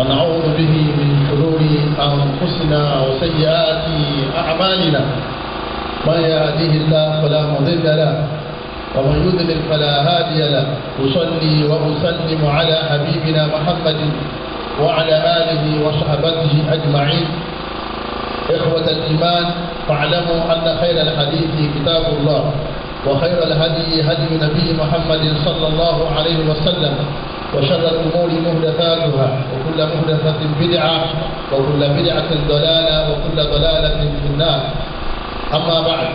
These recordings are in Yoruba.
ونعوذ به من شرور أنفسنا وسيئات أعمالنا من يهديه الله فلا مضل له ومن يذلل فلا هادي له أصلي وأسلم على حبيبنا محمد وعلى آله وصحبه أجمعين إخوة الإيمان فاعلموا أن خير الحديث كتاب الله وخير الهدي هدي نبي محمد صلى الله عليه وسلم وشر الأمور مهدفاتها وكل مهدفة بدعة وكل بدعة ضلالة وكل ضلالة في النار أما بعد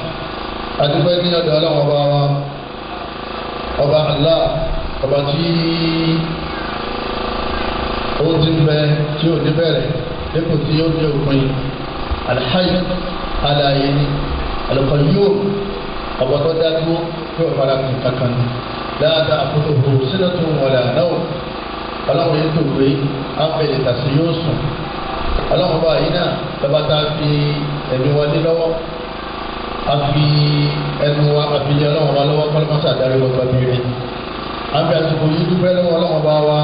أدبني دولة وبا وبا الله وبا جي أوزن بي تيو لكو تيو الحي على يني القيوم ọmọ tó dá dúró pé ọ̀fara kan kankan ni dáadáa àkótó hó sínú tó ń wọlé àná o ọlọ́run yìí tó wé ámbẹ̀lẹ̀ tàṣí yóò sùn ọlọ́run bá yìí náà lọ́ba tá a fi ẹ̀mí wọn ní lọ́wọ́ a fi ẹnu wa a fi lé ọlọ́run wa lọ́wọ́ kọ́lọ́mọ́sá àdáyé wọn tọ́bi rẹ̀ àbí àsìkò yìí dúpẹ́ lọ́wọ́ ọlọ́run bá wa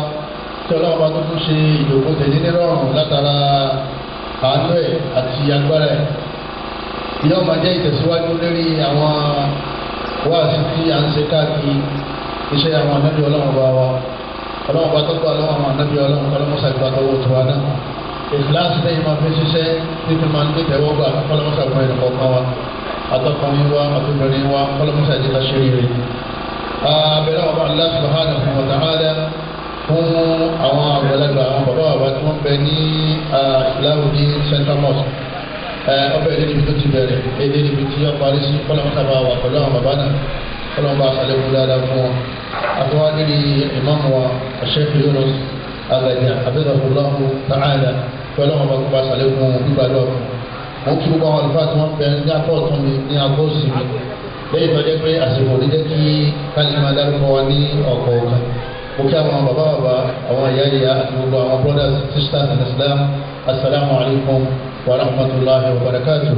tí ọlọ́run bá tó tún ṣe ìdòkó tẹ̀lé ìyá ọba jẹ́ ìtẹ̀síwájú lórí àwọn wáàsí tí à ń ṣe káàkiri iṣẹ́ àwọn anábì ọlọ́run bá wa ọlọ́run bá tọ́kọ̀ ọlọ́run àwọn anábì ọlọ́run ọlọ́mọṣà ìgbà tọwọ́ tó wa náà ìfìlàsì lẹ́yìn máa fi ṣiṣẹ́ títí máa ń gbé tẹ̀wọ́ gbà ọlọ́mọṣà fún ẹnì kọ̀ọ̀kan wa atọ́kùnrin wa atọ́bìnrin wa ọlọ́mọṣà ìjẹta ṣe rere. abẹ́rẹ́ ọba Allah àwọn àgbàlagbà àwọn bàbá Eh, ọbẹ̀ yìí níbi tó ti bẹ̀rẹ̀ èdè níbi tí wọ́n parí sí kọ́lọ́mọ́tà bá wà pẹ̀lú àwọn bàbá náà kọ́lọ́mọ́ bá sàlẹ̀kùn dáadáa fún wọn. àtúwá níbi ìmáàmù wa Sheikh Yunus Alaja abẹ́sàkùnláhùn tààdà kọ́lọ́mọ́ bá kọ́ba sàlẹ̀kùn gbígbàdọ̀ fún. wọ́n kí gbogbo àwọn àlùfáà tí wọ́n bẹ ní apọ̀ ọ̀tún mi ní apọ̀ òsì mi lẹ́yìn tó pé àsìkò ní jẹ́ kí kálímà dárúkọ wa ní ọ̀kọ̀ ọ̀kan mo kí àwọn bàbá bàbá àwọn ìyá ìyá àti gbogbo àwọn brothers sisters in Islam assalamu alaikum ورحمة الله وبركاته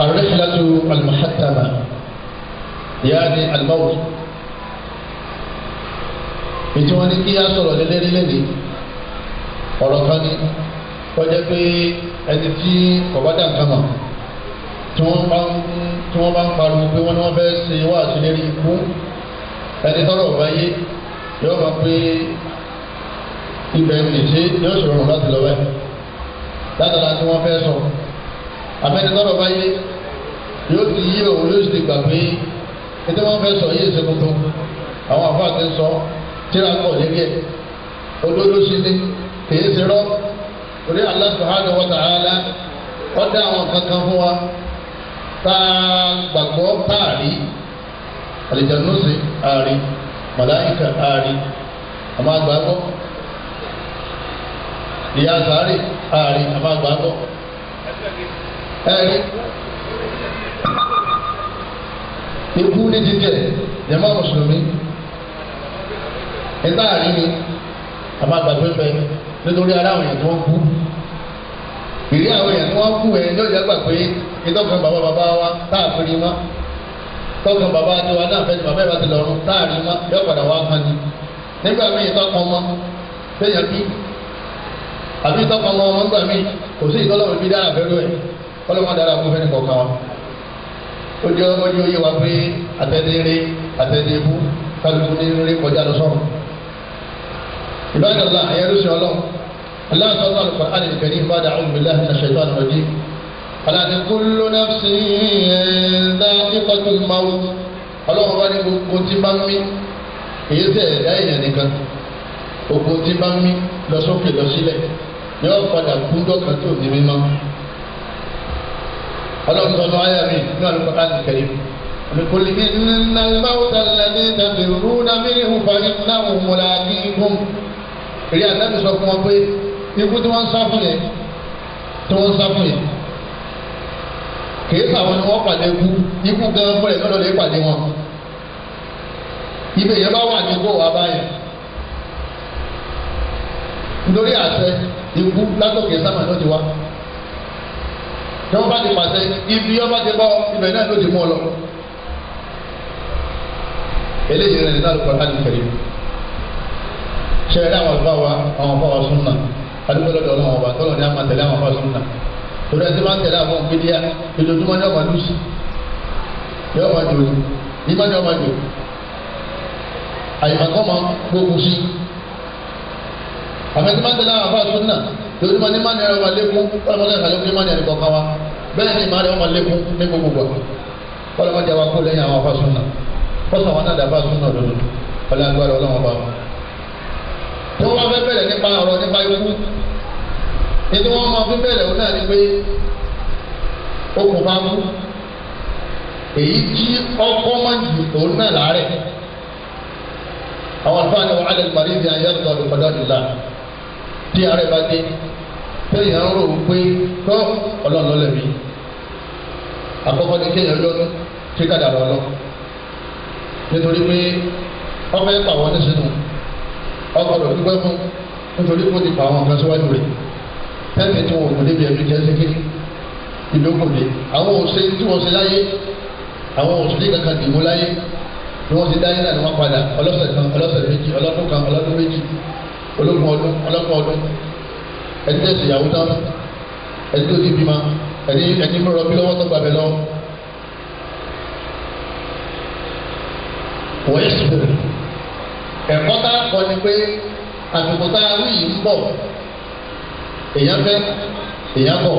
الرحلة المحتمة يعني الموت ètò wọn ni kí á sọ̀rọ̀ lélẹ́rìlẹ́rì ọ̀rọ̀ kan ni kọjá pé ẹni tí kọ̀bádà kan mọ̀ tí wọ́n bá ń tí wọ́n bá ń pariwo pé wọ́n ní wọ́n fẹ́ẹ́ ṣe wá àṣírí ikú ẹni tọ́rọ̀ ọ̀bá yé yọ̀ọ́ pé ibẹ̀ ń tì sí yóò ṣòro láti lọ bẹ́ẹ̀ látara tí wọ́n fẹ́ sọ abẹ́nitọ́rọ̀ bá yé yóò ti yí òun yóò sì ti gbà pé ètò wọn fẹ́ sọ yé ṣe tuntun àwọn àfáà ti sọ tíra pọ̀ yẹ́gẹ́ olódó ni kìí ṣe rọ́ torí Allah subhanahu wa ta'ala ọ̀dà àwọn kankan fún wa tá a gbàgbọ́ táàrí àlìjànúsì àárí màláìkà àárí àmọ́ àgbàgbọ́ ìyá sáré ààrẹ àmàgbàgbọ́ ẹ̀rí ikú ní jíjẹ jẹmọ mùsùlùmí ẹ̀dá àárín ni àmàgbàgbé fẹ nítorí ara àwọn èèyàn tí wọ́n kú ìrí àwọn èèyàn tí wọ́n kú ẹ̀ ní ọjà gbà pé ìtọ́kan bàbá bàbá wa táàfin mọ́ tọ́kan bàbá tiwa náà fẹ́ bàbá ìbá ti lọ́rùn táàrin mọ́ yọ padà wá kan ni nígbà míì tọ́kan mọ́ fẹ́yàn bí àbí ìtọ́kọ̀ ọmọ ọmọ gbà mí kò sí ìtọ́lọ́wọ́ ibi dára fẹ́rù ẹ̀ ọlọ́wọ́ dára fún fẹ́ni kọ̀ọ̀kan wa. ó jẹ́ ọjọ́ yé wa pé àtẹ̀dẹ́rẹ́ àtẹ̀dẹ́bú kálukú ní rere kọjá lọ sọ́run. ìbádàlá ẹ̀yẹ́rú sí ọlọ́run aláàtọ̀ wà lùkọ́ àdìgbẹ̀rẹ̀ ìbádà ọ̀hún mi láti ṣe ìtọ́ àdìgbẹ̀rẹ̀ nafsi ẹ̀ẹ́dá ìkọ́tù máwù ọlọ́run wá ní gbogbo tí bá ń mí èyí tẹ̀ ẹ̀dá ìyẹn nìkan gbogbo tí bá ń mí lọ sókè lọ sílẹ̀ yóò padà kúndọ́ kan tó ní mímọ́ ọlọ́sọ̀nù ayà mi ní àlùkò láti kẹ́lẹ́ olùkọ́lì ní nàlmáwùtà lẹ́ni tàbí rúnà mílí hùfàrí náà múra ní ìhùn rí àtàbí sọ fún wọn pé ikú tí wọ́n ń sá fún yẹn tí wọ́n ń sá fún yẹn kìí sàwọn ni wọ́n pàdé kú ikú gan fún ẹ̀ lọ́dọ̀ lè pàdé wọn ibẹ̀ yẹn bá wà ní kó báyìí nítorí àṣẹ ikú látọ̀kẹ́ sábà ló ti wá tí wọ́n bá ti pàṣẹ ibi ọba ti bọ́ ibẹ̀ náà ló ti mú ọ lọ. eléyìí rẹ̀ nígbà lóko láti kẹ̀lé sẹ́yìn àwọn àlùfáà wa àwọn àlùfáà wa súnmọ́ àdúgbò lọ́dọ̀ ọlọ́wọ́ wa tọ́lọ̀ ní àmà tẹ̀lé àwọn àlùfáà súnmọ́ torí ẹni tí wọ́n tẹ̀lé àwọn òǹpilẹ̀ ìdòdúmọ́ ní ọmọ lùsì ní ọmọ jòyè ní mọ́ ní ọmọ jòyè àyè àmì tí máa ń tẹ̀lé àwọn àbá sunna torí ma ní má ní ẹ̀rọ ma lékún ọlọ́mọ náà kàlékún ní má ní ẹ̀rọ kọ̀ọ̀kan wa bẹ́ẹ̀ ni ìmọ̀ rẹ̀ ọmọ lékún ní gbogbo gbà ọlọ́mọ jẹ́ wa kó lẹ́yìn àwọn àbá sunna kọ́sọ̀ wọn náà dàbá sunna òdodo ọlọ́ agbára ọlọ́mọ bá wọn. tí wọ́n fẹ́ bẹ̀rẹ̀ nípa ọ̀rọ̀ nípa ikú ètò wọn máa fi bẹ̀rẹ̀ wọn náà ni pé okùn bá mú èyí tí ara ẹ̀ bá dé tẹ́yìn àwọn rò pé tọ́ ọlọ́run lọ́lẹ̀ mi àkọ́kọ́ ni kéèyàn lọ́nu kí kàdà wọ́n lọ nítorí pé ọmọ ẹ̀ pàwọ́ nísìnyí ọkọ̀ rẹ̀ dúpẹ́ fún nítorí kó ti pa àwọn kan síwájú rẹ̀ tẹ́lẹ̀ tí wọn kò débi ẹ̀mí jẹ́ sí kékeré ìdókòdè àwọn òṣè tí wọ́n ṣe láyé àwọn òṣèlú kankan dìbò láyé ni wọ́n ti dáyé náà ni wọ́n padà ọlọ́sẹ̀ kan ọlọ́sẹ̀ méjì ọlọ́dún kan ọlọ́dún méjì ológun ọdún ọlọ́pàá ọdún ẹni tẹ̀sí ìyàwó tán ẹni tó ti bímọ ẹni ẹni mọ̀rọ̀ bí lọ́wọ́ tó gbà bẹ́ lọ́wọ́. wọ́n yẹ sùn ẹ̀kọ́ tá a kọ́ ni pé àtùkù tá a rí yìí ń bọ̀ èèyàn fẹ́ èèyàn bọ̀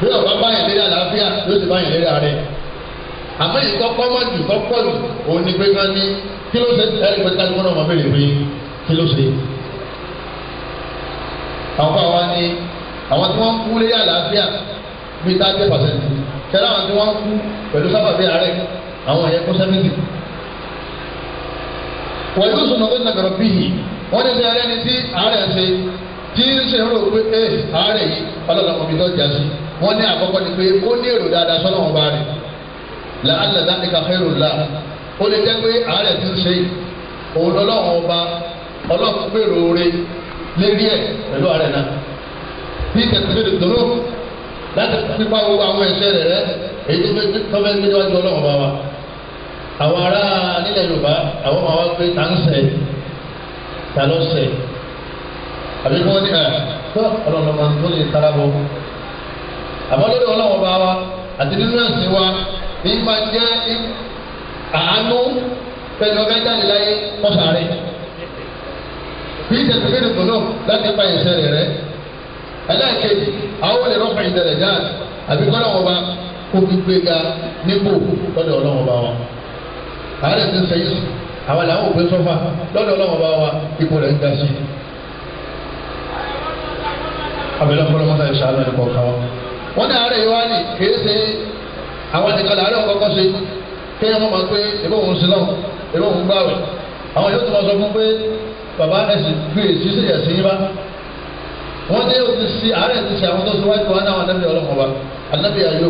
bí ọ̀bá báyìí lérí àlàáfíà yóò ti báyìí lérí àárẹ̀ àmọ́ èyí tọ́kọ́ má jù tọ́kọ́ jù òun ni pé kan ní kí ló ṣe ẹ̀rí pé kájú mọ́nà wọn bèrè pé kí ló ṣe. àwọn àwa ni àwọn tí wọ́n kú lé àlàáfíà bí tá a jẹ́ pàṣẹ́ntì tẹ́lẹ̀ àwọn tí wọ́n kú pẹ̀lú sábàbí àárẹ̀ àwọn ẹ̀yẹ kó sẹ́mìtì. wọ́n yóò sọ̀nà ó nàgàrọ̀ bí yìí wọ́n ní sẹ́ ẹni tí àárẹ̀ ṣe tí ń ṣe rò pé ẹ eh, àárẹ̀ yìí ọlọ́dọ̀ ọmọbìnrin tó jà sí wọ́n ní àkọ́kọ́ ni pé ó ní èrò dáadáa sọ́nà ọba rẹ̀ làálẹ̀ dáníkà fẹ́rù ńlá ó lè jẹ́ pé àárẹ̀ ti ń ṣe òun lọ́lọ́run ọba ọlọ́run gbèrò oore lérí ẹ̀ pẹ̀lú àárẹ̀ náà bí tẹ̀síwèrè dòró láti pípa owó àwọn ẹ̀ṣẹ̀ rẹ̀ rẹ̀ èyí tó fẹ́ tó fẹ́ gbé níwájú ọlọ́run ọba wa àwọn ará nílẹ̀ Yorùbá àwọn ọmọ wa pé tà ń àbí kí wọ́n ẹ̀ tó ọlọ́run ọba tó lè tara bọ̀ àmọ́ ọlọ́run ọba wa àti nínú ẹ̀sìn wa ní máa jẹ́ àánú pẹ̀lú ọ̀gá jáde láyé kọ́sà rẹ̀. bí ìtẹ̀sí fèrè kùn náà láti pa ìṣẹ́ rẹ̀ rẹ̀. ẹlẹ́ẹ̀kejì àwọn olè rọ́pà ìdẹ̀rẹ̀ jáde àbí kọ́lá wọn bá kó gbígbé ga nípò lọ́dọ̀ ọlọ́wọ́n bá wa. àárẹ̀ ti ń sẹ́yìn sùn àwọn làwọn òpin sọ́fà lọ́dọ̀ ọlọ́wọ́n bá wa ipò rẹ̀ ń ga sí i abẹ́lẹ́ fọlọ́mọ́tà ìṣàlọ́ ẹ̀kọ́ kan wọ́n ní àárẹ̀ yìí wá ní kèé ṣe àwọn nìkan làárẹ̀ kọ́kọ́ ṣe kí wọ́n mọ̀ pé ìbò òun sí náà ìbò òun gbàwẹ̀ àwọn yóò tún mọ̀ sọ fún pé bàbá ẹ̀sìn gbé èsì sí ẹ̀sìn yín bá wọ́n dé òtún sí àárẹ̀ ti ṣe àwọn tó ṣe wájú wa náà wọn lẹ́bi ọlọ́mọ wa alábi ayò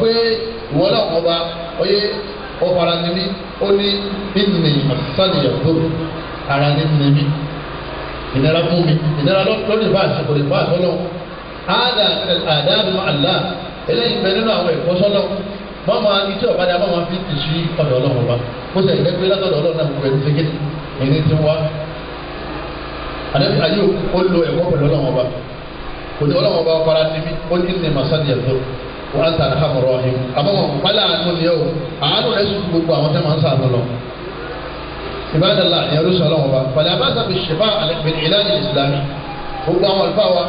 pé ìwọ ọba oyè ọ̀fara ni ó ní ìnì màsítánì yàtọ̀ ara ni mí ìnira mú mi ìnira lọ́dún bá àṣẹ kò lè bá àṣọ lọ. àdá àdáàbí àlá eléyìí bẹ nínú àwọn ẹ̀kọ́ sọ́nà mọ́mọ́ ìtí ọ̀bádà mọ́mọ́ fi ti sí ọ̀dọ̀ ọlọ́run wa ó sì ẹ̀gbẹ́ pé látọ̀dọ̀ ọlọ́run náà pẹ̀lú ṣe kéde ẹni tí wá. àdébí ayé ó lo ẹ̀kọ́ pẹ̀lú ọlọ́run wa kò ní ọlọ́run wa para ti mi ó ní ní masani ẹ̀tọ́ wọ́n á ta àhámọ́rọ́ ọ̀hìn àbọ̀mọ̀ pálá àánú ni ẹ̀ o àánú rẹ̀ sùn gbogbo àwọn tẹ́ máa ń sàánú lọ ìbádàlá ẹ̀rú sọ̀rọ̀ wọn bá pàdé abáta fi ṣèbá ìlànà ìsìlámì gbogbo àwọn àlùfáà wa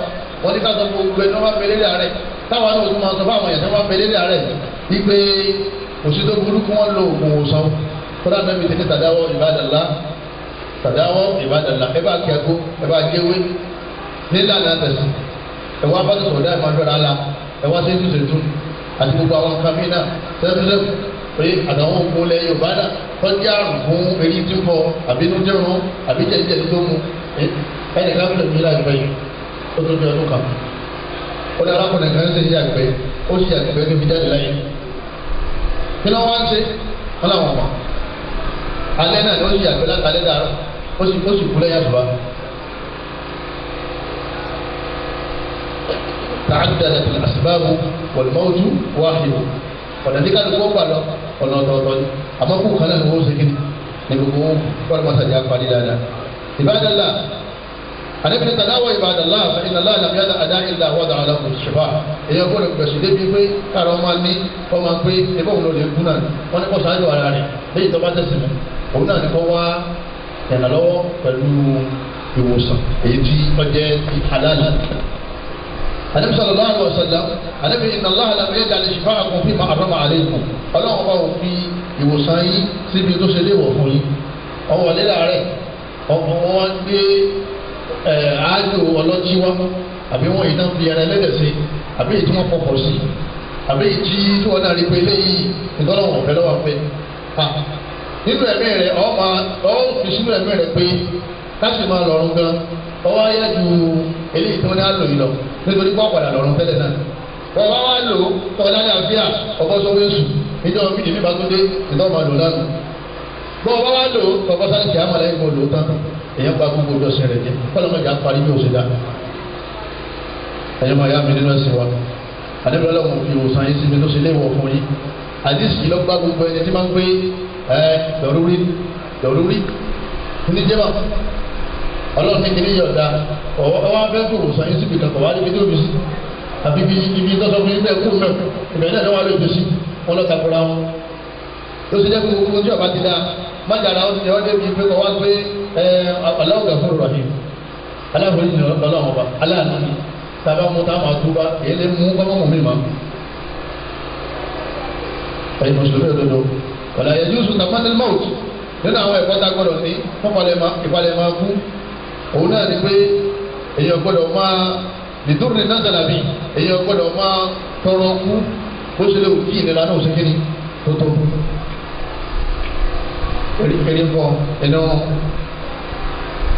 wọn ní ká sọ gbogbo ẹni wọn bá pèlè rẹ rẹ táwọn náà tún máa sọ fáwọn èèyàn tí wọn bá pèlè rẹ rẹ wípé òṣìṣẹ́ burúkú wọn lo oògùn òsàn kódà náà mi ti ní tàdáwọ́ ìbádàlá tàdáwọ́ ìbádàlá ẹ bá kẹ́kọ́ ẹ bá jẹ́wé nílànà tẹ̀sí ẹ wá bá tó sọ̀rọ̀ dáìmọ̀ àdúrà la ẹ wá sẹ́tù sẹ́tù àti gbogbo àwọn kàmínà sẹ́tù sẹ́tù pé àdáwọn òkú lẹ yorùbá dà tọ́jú àrùn fún eré tí ń bọ̀ àbínú tí ń rún àbí jẹjẹrẹ tó mu ẹnì kan lè mí láti bẹ́yìn ó tó jẹ ọdún kan ó ní arákùnrin kan ṣe yí àgbẹ̀ ó ṣe àgbẹ̀ níbi jáde láyé kí ló wá ń ṣe wọn làwọn mọ̀ alẹ́ náà ló ṣe àgbẹ̀ látàlẹ́ dàrú ó sì ó sì kú lẹ́yìn àbúrò تعددت الأسباب والموت واحد ولذلك القوة ọ̀nà ọ̀tọ̀ọ̀tọ̀ ni àmọ́ kó kan náà ni wọ́n ṣe kí ni gbogbo wọn wọ́n sàjà parí dáadáa. ìbádàlá àdébìnrin tàdáwọ̀ ìbádàlá ìnàlá àlàmíyàdà àdá ìlà wọ́dà àlàkùn ṣùgbà èèyàn kò lè gbèsè débi pé káàrọ̀ máa ní kọ́ máa pé ebó òun ló lè gún náà wọ́n ní kó sáájú ara rẹ̀ léyìí tó bá tẹ̀sí mi òun náà ní kó wá ìrànlọ́wọ́ pẹ̀lú ìwòsàn èyí tí ọjẹ́ ti halal anabi sallallahu alaihi wasallam anabi inna allah lam yaj'al shifa'akum fima harrama alaykum ọlọ́run bá wò fi ìwòsàn yín síbi tó ṣe léwọ̀ fún yín ọwọ́ lé láàárẹ̀ ọmọ wọn gbé àádó ọlọ́tí wá àbí wọn ìdán fi ara ẹlẹ́dẹ̀ sí àbí èyí tí wọ́n fọkọ̀ sí àbí èyí tí wọ́n náà rí pé léyìí ìtọ́lọ́wọ̀n ọ̀fẹ́ lọ́wọ́ pé nínú ẹ̀mí rẹ̀ ọ́ fi sínú ẹ̀mí rẹ̀ pé ká sì máa lọ́rùn gan-an ọwọ́ ayé ju eléyìí tó ní àlò yìí lọ nítorí pọ́ padà lọ́rùn tẹ́lẹ̀ náà ọba wa lò ọ̀la ní àfíà ọkọ sọ́wọ́ èṣù níjọ́ mi ní bíbá tó dé ìtọ́ ọba lò lánàá bọ́ ọba wa lò ọkọ sáré kìá mọ̀lá ìmọ̀ lò tán èyàn pa gbogbo ọjọ́ sẹ̀rẹ̀ jẹ́ kọ́lọ́mọ̀jà parí bí òṣèlú àná ẹ̀yọ́ máa yá mi nínú ẹ̀sìn wa àdébẹ̀rẹ̀ lọ́wọ́ fi òòsàn yín síbi tó ṣe léwọ̀ fún yín àdìsí lọ gbá gbogbo ẹni tí máa ń gbé ẹ lọ́rúurí lọ́rúurí oníjẹ́wà ọlọ́run ní kiri yọ̀ọ̀da ọwọ́ abẹ́ kòrò sọ yín síbi kankan wá níbi tó bí sí àbí ibi ibi tọ́sọ fún ilé ẹ̀kú mẹ́ ìbẹ̀rẹ̀ náà wà lóye sí wọn lọ takora wọn. ló ti dẹ́kun gbogbo ojú ọba ti da májàra ó ti ọdẹ bíi pé kọ́ wá pé ẹ aláwọ̀ gàfúrò rahim aláwọ̀ yìí lọ́lọ́ ọba aláàánú ni tàbí àwọn tá a máa túbá èyí lè mú gbọ́mọ̀mọ̀ mi mọ́. ẹ̀yin mùsùlùmí òdodo wàlàyé jùsùn tàbí mọ́tẹ́lẹ́mọ́ọ̀tì nínú àwọn ẹ̀kọ́ tá a gbọ́dọ̀ òun náà ni pé èèyàn gbọ́dọ̀ máa nìdúró náà dàlàbí èèyàn gbọ́dọ̀ máa tọrọ kú bó ṣe lè wù kí ìnira náà ṣe kíni tó tó pèrèpèrè bọ ẹnu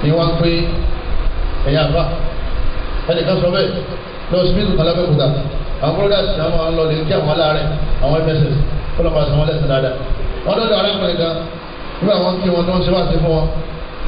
ni wọn pé ẹyà bá ẹnìkan sọ bẹ́ẹ̀ lọ smith malabẹkuta àwọn brothers náà máa ń lọ lè kí àwọn aláàárẹ̀ àwọn mss kọlọpàá sọ wọn lẹsẹ dáadáa wọn dọdọ arákùnrin kan nígbà wọn kí wọn tó ń ṣe wá sí fún wọn.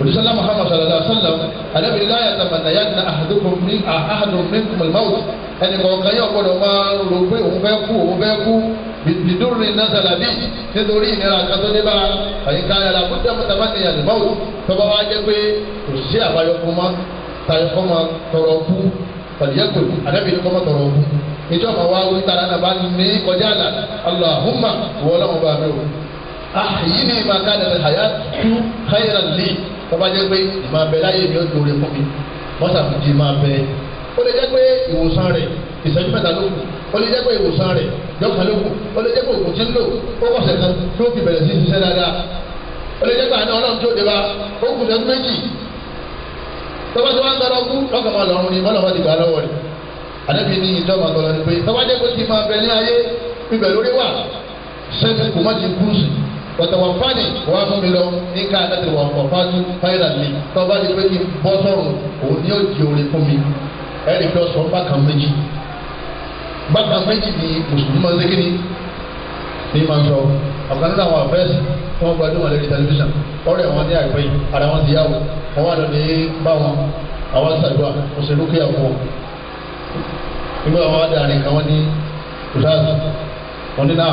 òdìsọ́lá muhammad sallallahu alayhi wa sallam alábìrin láyà tàmàtà yá na ahadum ní ahadum ní mọ̀lmáwù ẹnì kọ̀ọ̀kan yóò gbọ́dọ̀ máa rò pé òun fẹ́ kú òun fẹ́ kú bìdúrì náà sàlàbí nítorí ìnira kátó ní bá àyíká yàrá kó jẹ́mu tàbátì yàrá mọ̀lmáwù tọ́ba wa jẹ́ pé òṣìṣẹ́ àbáyọ fún ma tayọ fún ma tọrọ kú pàdéyàkó alábìrin kọ́ ma tọrọ kú ìjọba wa wí tara nàbà ní kọjá àlà allahumma wọlé wọn bá mi o àyìn ní ìmàkà nàbẹ hayatu khayran li tọ́ba jẹ́ pé ìmọ̀ abẹ láyé mi ó dòre fún mi wọ́n ṣàfihàn ìmọ̀ abẹ ó lè jẹ́ pé ìwòsàn rẹ̀ ìṣẹ́jú mẹ́ta ló kù ó lè jẹ́ pé ìwòsàn rẹ̀ yọ̀ọ̀kan ló kù ó lè jẹ́ pé òkú ti ń lò ó wọ̀ sẹ̀kan tó fi bẹ̀rẹ̀ sí ṣiṣẹ́ dáadáa ó lè jẹ́ pé àná ọlọ́run tó dé bá ó kù sẹ́kún méjì tọ́ba tó wá ń tọrọ kú lọ́kàn máa lọ́rùn ni mọ́lọ́mọ́ ti gbà lọ́wọ́ rẹ̀ àdébí ní ni pé wọ̀tọ̀wọ̀fáàní wà á mú mi lọ ní ká láti wọ̀ ọ̀fáàní fáyọ̀lá mi tọ́ba ti pé kí n bọ́ sọ̀rọ̀ òun ni yóò di oore fún mi ẹ̀rì pé ọ̀sán bákan méjì bákan méjì ni mùsùlùmí máa ń ṣe kíni ní máa ń sọ ọ̀kan nínú àwọn àfẹ́sì tí wọ́n gbajúmọ̀ lórí tẹlifíṣàn ọ̀rẹ́ wọn ní àìpẹ́ yìí ara wọn ti yáwò wọn wà lóde bá wọn àwọn sàdúrà òṣèlú kéyàwó wọn nígbà wọn wá dáa nìkan wọn ní kùsáàsì wọn ní náà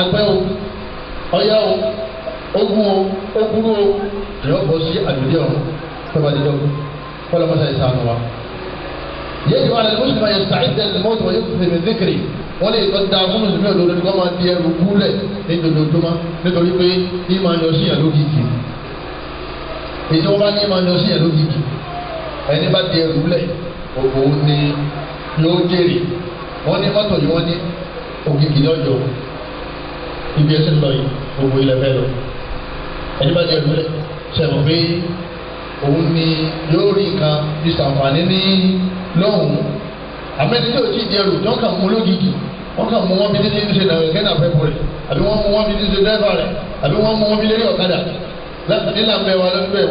agbẹ́ o ọ̀yá o ogun o ogun o ẹ̀rọ bọ̀ sí àdúgbò ọ̀run tọ́ba dídọ́ kọ́lọ́mọ́sá yìí sànù wa. yéèjì wàhálà ló sùnmọ́ yẹn sàìdẹ̀ lọ́mọ́tò wọ́n yóò fi mi zikiri wọ́n lè tọ́ da fún mùsùlùmí òdodo ni wọ́n máa di ẹrù gúlẹ̀ ní dodojúmọ́ nítorí pé ní máa yọ sí ẹ̀rọ kìkì èyí wọ́n bá ní máa yọ sí ẹ̀rọ kìkì ẹni bá di ẹrù lẹ̀ òun ni yóò jèrè wọ́n ní mọ́tò yìí wọ́n ní òkìkì lọ́jọ́ ibi ẹsẹ̀ lọ yìí gbogbo ilẹ̀ fẹ́ lọ ẹni bá jẹ ìpínlẹ̀ sẹ̀rọ̀ pé òun ni yóò rí nǹkan bí sàǹfààní ní lọ́hùn-ún àmẹ́ni tí ò tí ì jẹrù tí wọ́n kàn mú lógìkì wọ́n kàn mú wọn bí títí ṣe náà kẹ́ náà fẹ́ bọ̀ rẹ̀ àbí wọ́n mú wọn bí títí ṣe dẹ́fà rẹ̀ àbí wọ́n mú wọn bí lérí ọ̀kadà nílà ń bẹ wọn lọ́gbẹ̀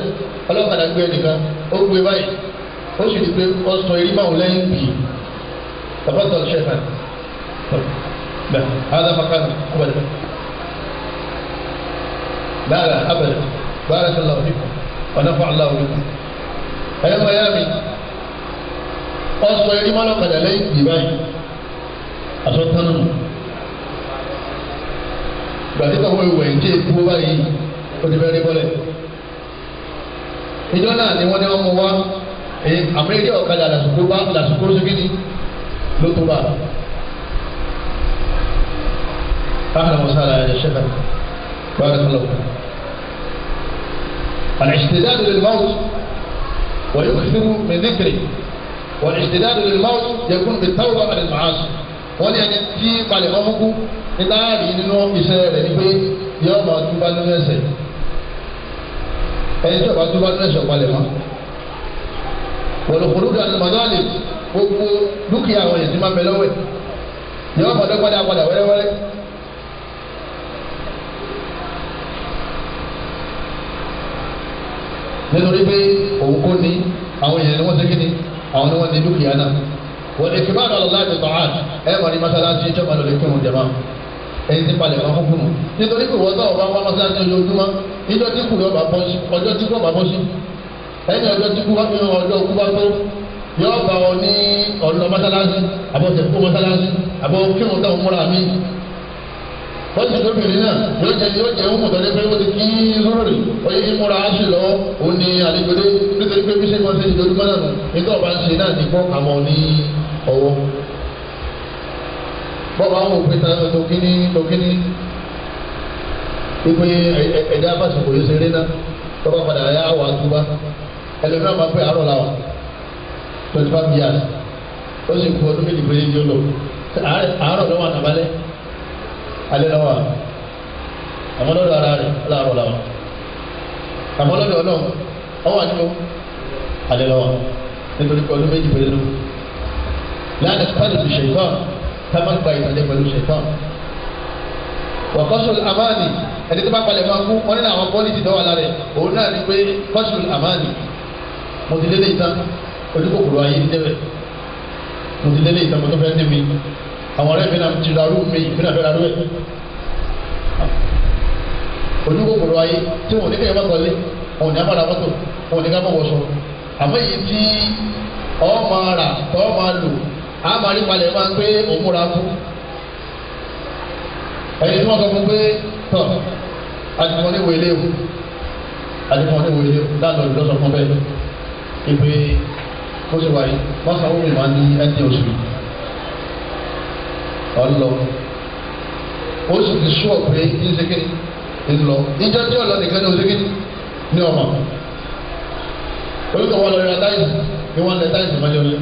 ọlọ́kadà gbé nìkan ó gbé báyìí ó sì rí pé ó sọ eré báwọn lẹ́yìn bì í bàbá sọ̀rọ̀ ṣẹ̀fà لا لا أبدا بارك الله فيكم ونفع الله بكم ẹ̀yọ́ miami wọ́n sọ ẹni mọ́ lọ́kadà lẹ́yìn tì báyìí àsọtánu gbàdé káwọn ìwẹ̀ ń jẹ́ ìkú báyìí ó ti fẹ́ẹ́ rí bọ́lẹ̀ ìjọ náà ni wọ́n ní wọ́n mú wá àmẹ́ríkà ọ̀kadà làsùkú bá làsùkú sókìtì ló tó bá a. أهلا وسهلا يا شيخنا بارك الله فيك الاعتداد للموت ويكثر من ذكره والاعتداد للموت يكون بالتوبة عن المعاصي wọ́n ní ẹni tí balẹ̀ wọn kú ní láàbì nínú iṣẹ́ rẹ̀ ni pé yọ ọba túbá nínú ẹsẹ̀ ẹni tí ọba túbá nínú ẹsẹ̀ balẹ̀ wọn. wọ̀lùkùnrin dànù mọ̀dọ́lì gbogbo dúkìá àwọn ènìyàn ti máa bẹ lọ́wọ́ ẹ̀ yọ ọba dọ́gbọ́dá padà wẹ́rẹ́wẹ́rẹ́. nítorí pé òun kò ní àwọn èèyàn ni wọ́n ṣe kíni àwọn ni wọ́n ní dúkìá náà wọ́n èkì bá dọ̀lọ́ láì tètè hàn ẹ̀ mọ̀ ní mọ́sálásí ìjọba lọ́lẹ̀ kírun jẹ̀má ẹ̀yìn ti palẹ̀ wọn fún un nítorí pé wọ́n náà bá wá ojoojúmọ́ ìjọ tí ọjọ́ tí ọjọ́ tí lọ́sì lóbìnrin náà yóò jẹ yóò jẹ ohun tọ́lé pé ó ti kí lórí oye ìmúra aṣù lọ òun ni àlejòdé nítorí pé bíṣẹ́ máa ń ṣe ìdojúmọ́ náà nítorí ọba ń ṣe náà ti kọ́ àmọ́ ní ọwọ́. bọ́ọ̀bù àwọn òfin ta tokini tokini pípé ẹ̀dá abásùkò yóò ṣeré náà tọ́ba padà yá wà túbá ẹlẹ́mìíràn máa pé àárọ̀ làwà twenty five years ó sì kú ọdún méjì péré yóò lọ àárọ̀ lọ́wọ́ àtàbálẹ́ alẹ́ lọ́wọ́ àmọ́ lọ́dọ̀ ara rẹ̀ láàárọ̀ làwọn àmọ́ lọ́dọ̀ ọlọ́run ọwọ́ àdúgbò alẹ́ lọ́wọ́ nítorí pé ọdún méjì péré ló láti pàdé ti ṣètọ́ ká má gba ìtàjẹ́ pẹ̀lú ṣètọ́ wà kọ́sùn amáàni ẹni tó bá palẹ̀ máa kú wọn nínú àwọn pọ́lìtì tó wà lára ẹ̀ òun náà ni pé kọ́sùn amáàni mo ti lélẹ̀ ìtàn ojú kòkòrò ayé ti dẹ́rẹ̀ mo ti lélẹ̀ ìtàn mo tó fẹ́ àwọn ọ̀rẹ́ mi náà ti ra rúmi mi náà fẹ́ ra rú ẹ̀ oníkòkòrò ayé tí wọn ò ní kéèyàn bá tọ́lé wọn ò ní abára mọ́tò wọn ò ní ká bọ̀ wọ̀ sọ àmọ́ èyí tí ọ́ máa rà tọ́ máa lò á máa rí palẹ̀ máa ń pé òun múra fún ẹ̀yìn tí wọ́n sọ fún pé tọ́ àdìmọ́ ní wọlé o àdìmọ́ ní wọlé o láàlọ́ ìlú fún bẹ́ẹ̀ ìpè kó ṣe wáyé wọ́n sanwó mi máa ní ẹni ọlọ ó sì ti sùọ pé ìsekiri ńlọ ìjọ tí ọlọ nìkan ní òsekiri ní ọmọ olùkọ́ wọn lọ rẹ táyì ní wọn lẹ táyì tó máa yọ lé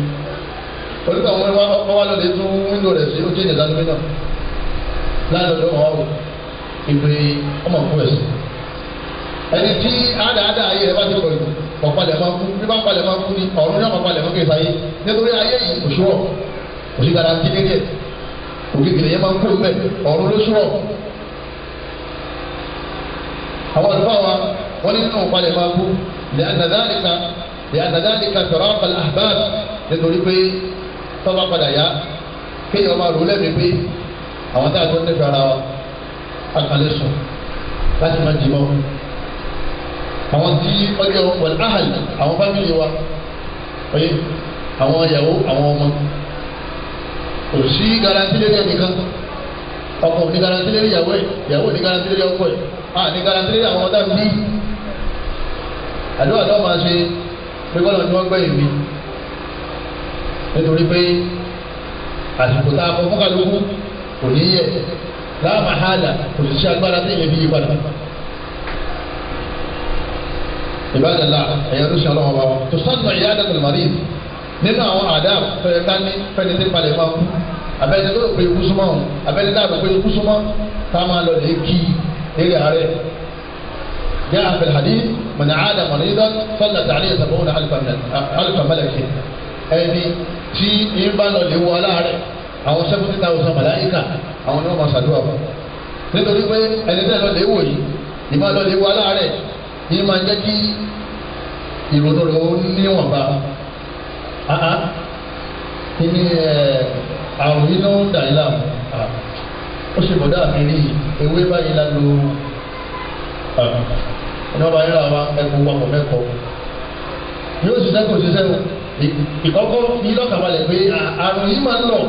olùkọ́ wọn wọn lọ lè tún wíńdò rẹ sí ojú ìdẹ̀dá lómìnà láàrin ọdún wọn wò ìpè ọmọ kú ẹsẹ ẹni tí àdáadáa ayé rẹ bá ti kọ̀ yìí ọ̀palẹ̀ máa kú bí bá ń palẹ̀ máa kú ni ọ̀run náà máa palẹ̀ máa kú ìfàyè nítorí ayé yìí kò sùrọ̀ kò sí dára ti ẹ̀ òkìtì yẹn máa ń kó mbẹ ọ̀run ló sọ̀rọ̀ àwọn àgbà wa wọ́n ní nínú ìpalẹ̀ máa kú lè àdàdàlìkà lè àdàdàlìkà tọ̀rọ̀ àpàlẹ̀ àbáà nítorí pé tọ́ba padà yá kéèyàn máa rò lẹ́mìí pé àwọn táà tó ń tẹ̀fẹ̀ ara wa àkàlẹ̀ sùn láti máa jìmọ̀ àwọn tí ọjọ́ wọ̀l áhàlì àwọn fámìlì wa ọyẹ àwọn ìyàwó àwọn ọmọ kò sí garanti lérí ẹnìkan ọkọ ní garanti lérí ìyàwó ẹ ìyàwó ní garanti lérí ọkọ ẹ a ní garanti lérí àwọn ọ̀dà mi àdúrà tó máa ṣe pé bọ́lá ni wọ́n gbẹ̀yìn mi nítorí pé àsìkò tá a kọ fún kálukú kò ní yẹ láàmà hàdà kò sì ṣe agbára tó yẹ bí yípadà. ìbádàlá ẹ̀yà ló ọlọ́wọ́ bá wa tó sọ́nà ìyá àdàtàlùmárì yìí nínú àwọn àdáàbò fẹ́rẹ̀ ká ní fẹ́ni tí palẹ̀ máa kú abẹ́ni tó rò pé ikú súnmọ́ òun abẹ́ni tá a pé ikú súnmọ́ tá a máa lọ lè kí eré ààrẹ. جاء في الحديث من عاد مريضا صلت عليه سبعون ألف ألف ملك ẹni tí ń bá lọ lè wọ aláàárẹ̀ àwọn seventy thousand màláyíkà àwọn ni wọ́n máa ṣàdúrà fún nítorí pé ẹni tí ẹ lọ lè wò yìí ìmọ̀ lọ lè wọ aláàárẹ̀ yìí máa jẹ́ kí ìrònú rẹ̀ ó níwọ̀nba ah ah, kíní àrùn yìí ló ń dà yín láàmú uh-huh. ó ṣe bọ̀dá mi rí ewé báyìí lágbo ọ̀nà ọba yẹn làwọn ẹ̀kọ́ papọ̀ mẹ́kọ̀ọ́ yóò ṣiṣẹ́ kò ṣiṣẹ́ o ìkọ́kọ́ ní lọ́kàbalẹ̀ pé àrùn yìí máa ń lọ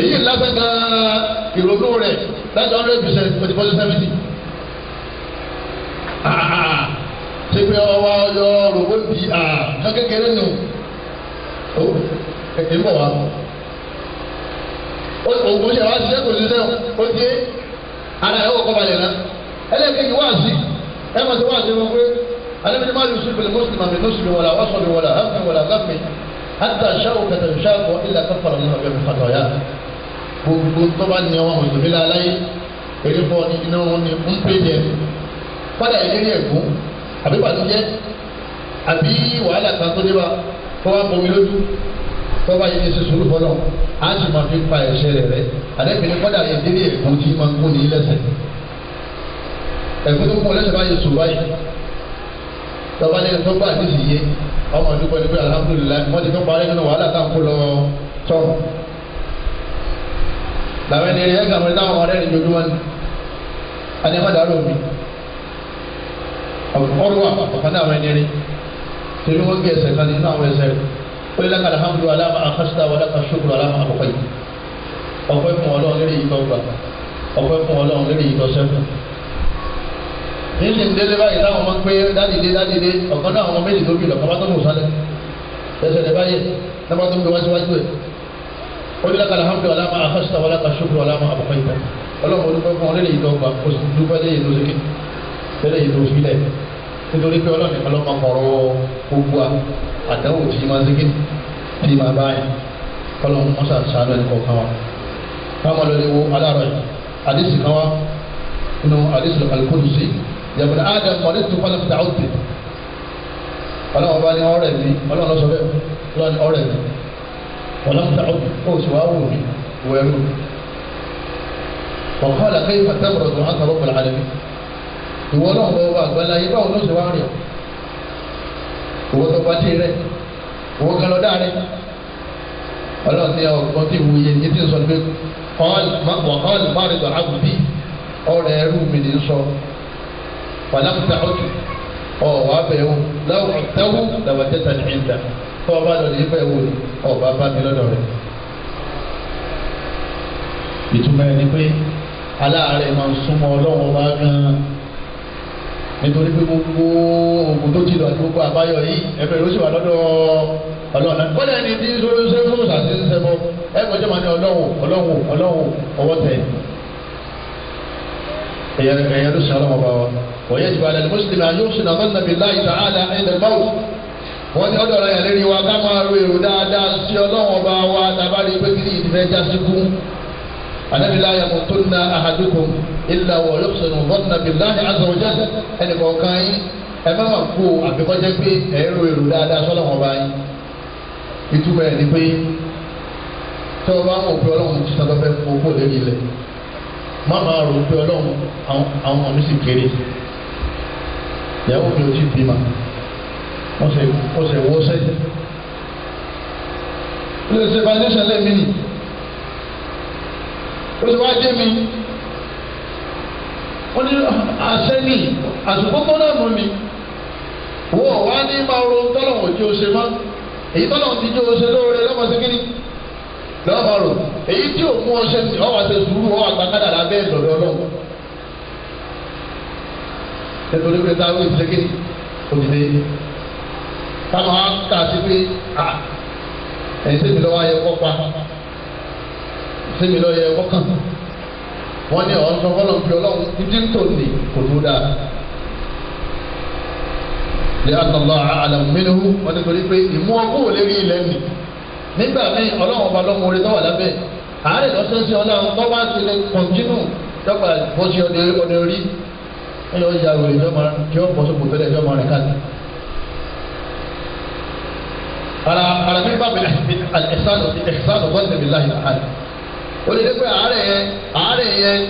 èyí lásán gan-an ìrònú rẹ̀ láti hundred percent twenty four to seventy ah, ah, ah, ṣé pé ọwọ́ ọyọ rògbòdì àkàkékeré nù ó ètè mọ̀ wá. òògùn ṣe wá ṣiṣẹ́ kò ṣiṣẹ́ o ó dé ara ẹ̀ kọ́kọ́ balẹ̀ náà ẹlẹ́kẹ̀kẹ̀ wá sí ẹ máa ti wá sí wọn pé alẹ́mi máa lu sùpìlì mùsùlùmí àmì mùsùlùmí wọ̀là wàsùlùmí wọ̀là hàfin wọ̀là gáfin hàtà ṣáwó kẹtà ṣáàkọ ilà káfàrà nínú ọbẹ̀ fàtọ̀ yá gbogbo tó bá ní ọmọ mùsùlùmí láláyé èrè fọ ní iná wọn ni ń pè jẹ padà ìlérí ẹ̀kú àbí bàtújẹ àbí wàhálà kan tó dé wa kó wá bomi lójú tó bá yẹ kí sísun ló fọlọ́ á sì máa fi pa ẹ̀ṣẹ̀ rẹ̀ rẹ̀ àdẹ́kẹ̀lẹ́ kọ́dà ìdílé ẹ̀kún tí máa ń kún ní lẹ́sẹ̀ ẹ̀kún tó kún lẹ́sẹ̀ báyìí sùn báyìí tọ́ba ní ẹ̀sọ́ gbà ní ìsìyé ọmọ ìdúpọ̀ ní pé alhamdulilayi wọ́n ti tó parí nínú wàhálà tá à ń kó lọ sọ́run làwọn ẹni ẹ̀yẹ́ gàmọ́ ní táwọn ọ̀rẹ́ rẹ̀ lójúmọ́ ni àní ẹ̀ má dàrú mi ọ̀rọ̀ wà pàpà àwọn ẹni torí wọ́n gé ẹsẹ̀ kan nínú àwọn ẹsẹ̀ ó lé lákàlà hàmdu aláma àkásítà wà lákà ṣukuru aláma àbùkọ́ yìí ọ̀pẹ́ fún ọlọ́run lórí ìtọ́ gbà ọ̀pẹ́ fún ọlọ́run lórí ìtọ́ sẹ́kù. nílùú délé báyìí táwọn máa ń pé dádìde dádìde ọ̀kan náà àwọn méjì tó bí lọ kọ́mátọ́ mú sálẹ̀ ẹsẹ̀ rẹ̀ báyìí lọ́mọ tó ń gbé wájú wájú ẹ̀ ó lé lákàlà hàmdu aláma àkásítà wà lákà ṣukuru aláma àbùkọ́ yìí ọlọ́run olùkọ́ fún ọ nítorí pé ọlọ́ọ̀nì kan ló máa kọ̀rọ̀ gbogbo àdánwò tí máa ń zikí tí máa bá yẹn kọ́lọ̀ mọ́sà sàánú ẹni kọ̀ọ̀kan wa. káwọn lórí wo aláàrọ̀ yìí àdìsí kan wa nínú àdìsí al-Qudsi yàgbọ́n adam wọlé tó fọlẹ́ fún tàwọn tè ọlọ́wọ́n bá ní ọ̀rẹ́ mi ọlọ́wọ́n lọ sọ bẹ́ẹ̀ ọlọ́wọ́n ní ọ̀rẹ́ mi wọlé ìwọ náà wọ ọba àgbàlá yìí báwo ló ṣe wá rìn ọ ìwọ tó pàṣẹ rẹ ìwọ kan lọ dáre ọlọ́run ní ọgbọ́n tí ìwòye ní ti sọ pé wọ́n má rí lọ àgùnbí ọ̀rẹ́ ẹrú mi ní sọ pàlàkùtà ọ̀tún ọ̀wà bẹ̀wò lọ́wọ́ tẹ́wọ́ làwàjẹ́ta ní ìdá tó ọba lọ ní ibẹ̀ wò ọba bá mi lọ́dọ̀ rẹ̀. ìtumọ̀ ẹni pé aláàárẹ̀ máa ń súnmọ́ ọlọ́run ọba gan-an nítorí pé gbogbo oògùn tó ti lọ àti gbogbo àbáyọ yìí ẹ̀fẹ̀ ló sì wà lọ́dọ̀ ọlọ́run náà kọ́lẹ̀ ni tí sọ ṣe fún ṣàtì sẹ́fọ́ ẹ kọjá máa ní ọlọ́run ọlọ́run ọlọ́run ọwọ́ tẹ̀ ẹ̀yẹ ló sọ̀rọ̀ wọn bá wa wọ́yẹ́ ti balẹ̀ mùsùlùmí àyọ̀ sùn àwọn nàbí láì sàádà ẹ̀dẹ̀ báwò wọ́n ti ọ̀dọ̀ rẹ̀ lérí ilà wọ lọ́sọ̀nù bọ́tùnà billahi azza wa jalla ẹnì kọ̀ọ̀kan yín ẹ má má kó àbíkọ́jẹ́ pé ẹ rò èrò dáadáa sọ́lọ́ wọn bá yín ìtumọ̀ ẹ̀ ni pé tí wọ́n bá mọ̀ pé ọlọ́run ti sọ́dọ̀ fẹ́ fún owó lórí ilẹ̀ má máa rò pé ọlọ́run àwọn ọ̀nà sì kéré ìyàwó mi ò tí ì bímọ wọ́n sì wọ́ sẹ́yìn lóṣèlú ṣe foundation lẹ́mìnì wá dé mi wọ́n ní asẹ́ni àsìkò tọ́lá nù ni wọ́n wá ní máa ro tọ́lọ̀wọ̀n tí o ṣe mọ́ èyí tọ́lọ̀wọ̀n tí o ṣe lóore lọ́mọ sí kíní lọ́mọ rò èyí tí o mú ọṣẹ ní ọwọ́ àti sùúrù ọwọ́ àgbàkadà lábẹ́ ìlọ̀lẹ́ ọlọ́wọ́ nítorí pé táwọn ìṣe kíní òdìdé táwọn á kà sí pé à ẹ̀yìn sẹ́mi lọ́wọ́ ayẹ kọ́ pa sẹ́mi lọ́wọ́ ayẹ kọ́ kàn wọ́n ní ọ̀sán fọlọ́n fi ọlọ́run títí tó ní kò tó dáa. lè àtàlọ́ àlàmù mẹ́lẹ́hu wọ́n ti torí pé ìmú ọkọ̀ ò lè rí ilẹ̀ nì. nígbà míì ọlọ́run ọba lọ́mọ orí tọ́wà lábẹ́ àárẹ̀ lọ́sẹ̀ sí ọlọ́run tó bá ti lè kọ̀ǹtínù dọ́gba bó ṣe ọdẹ orí ẹ̀yọ́ ìyá rẹ̀ ìjọba tí ó bọ́ sókò tẹ́lẹ̀ ìjọba rẹ̀ káàkiri. ara ara mi bá mi ẹ̀sán ọ̀gbọ́n tẹ̀mí láyé àárẹ̀ ó lè dé pé àárẹ̀ yẹn àárẹ̀ yẹn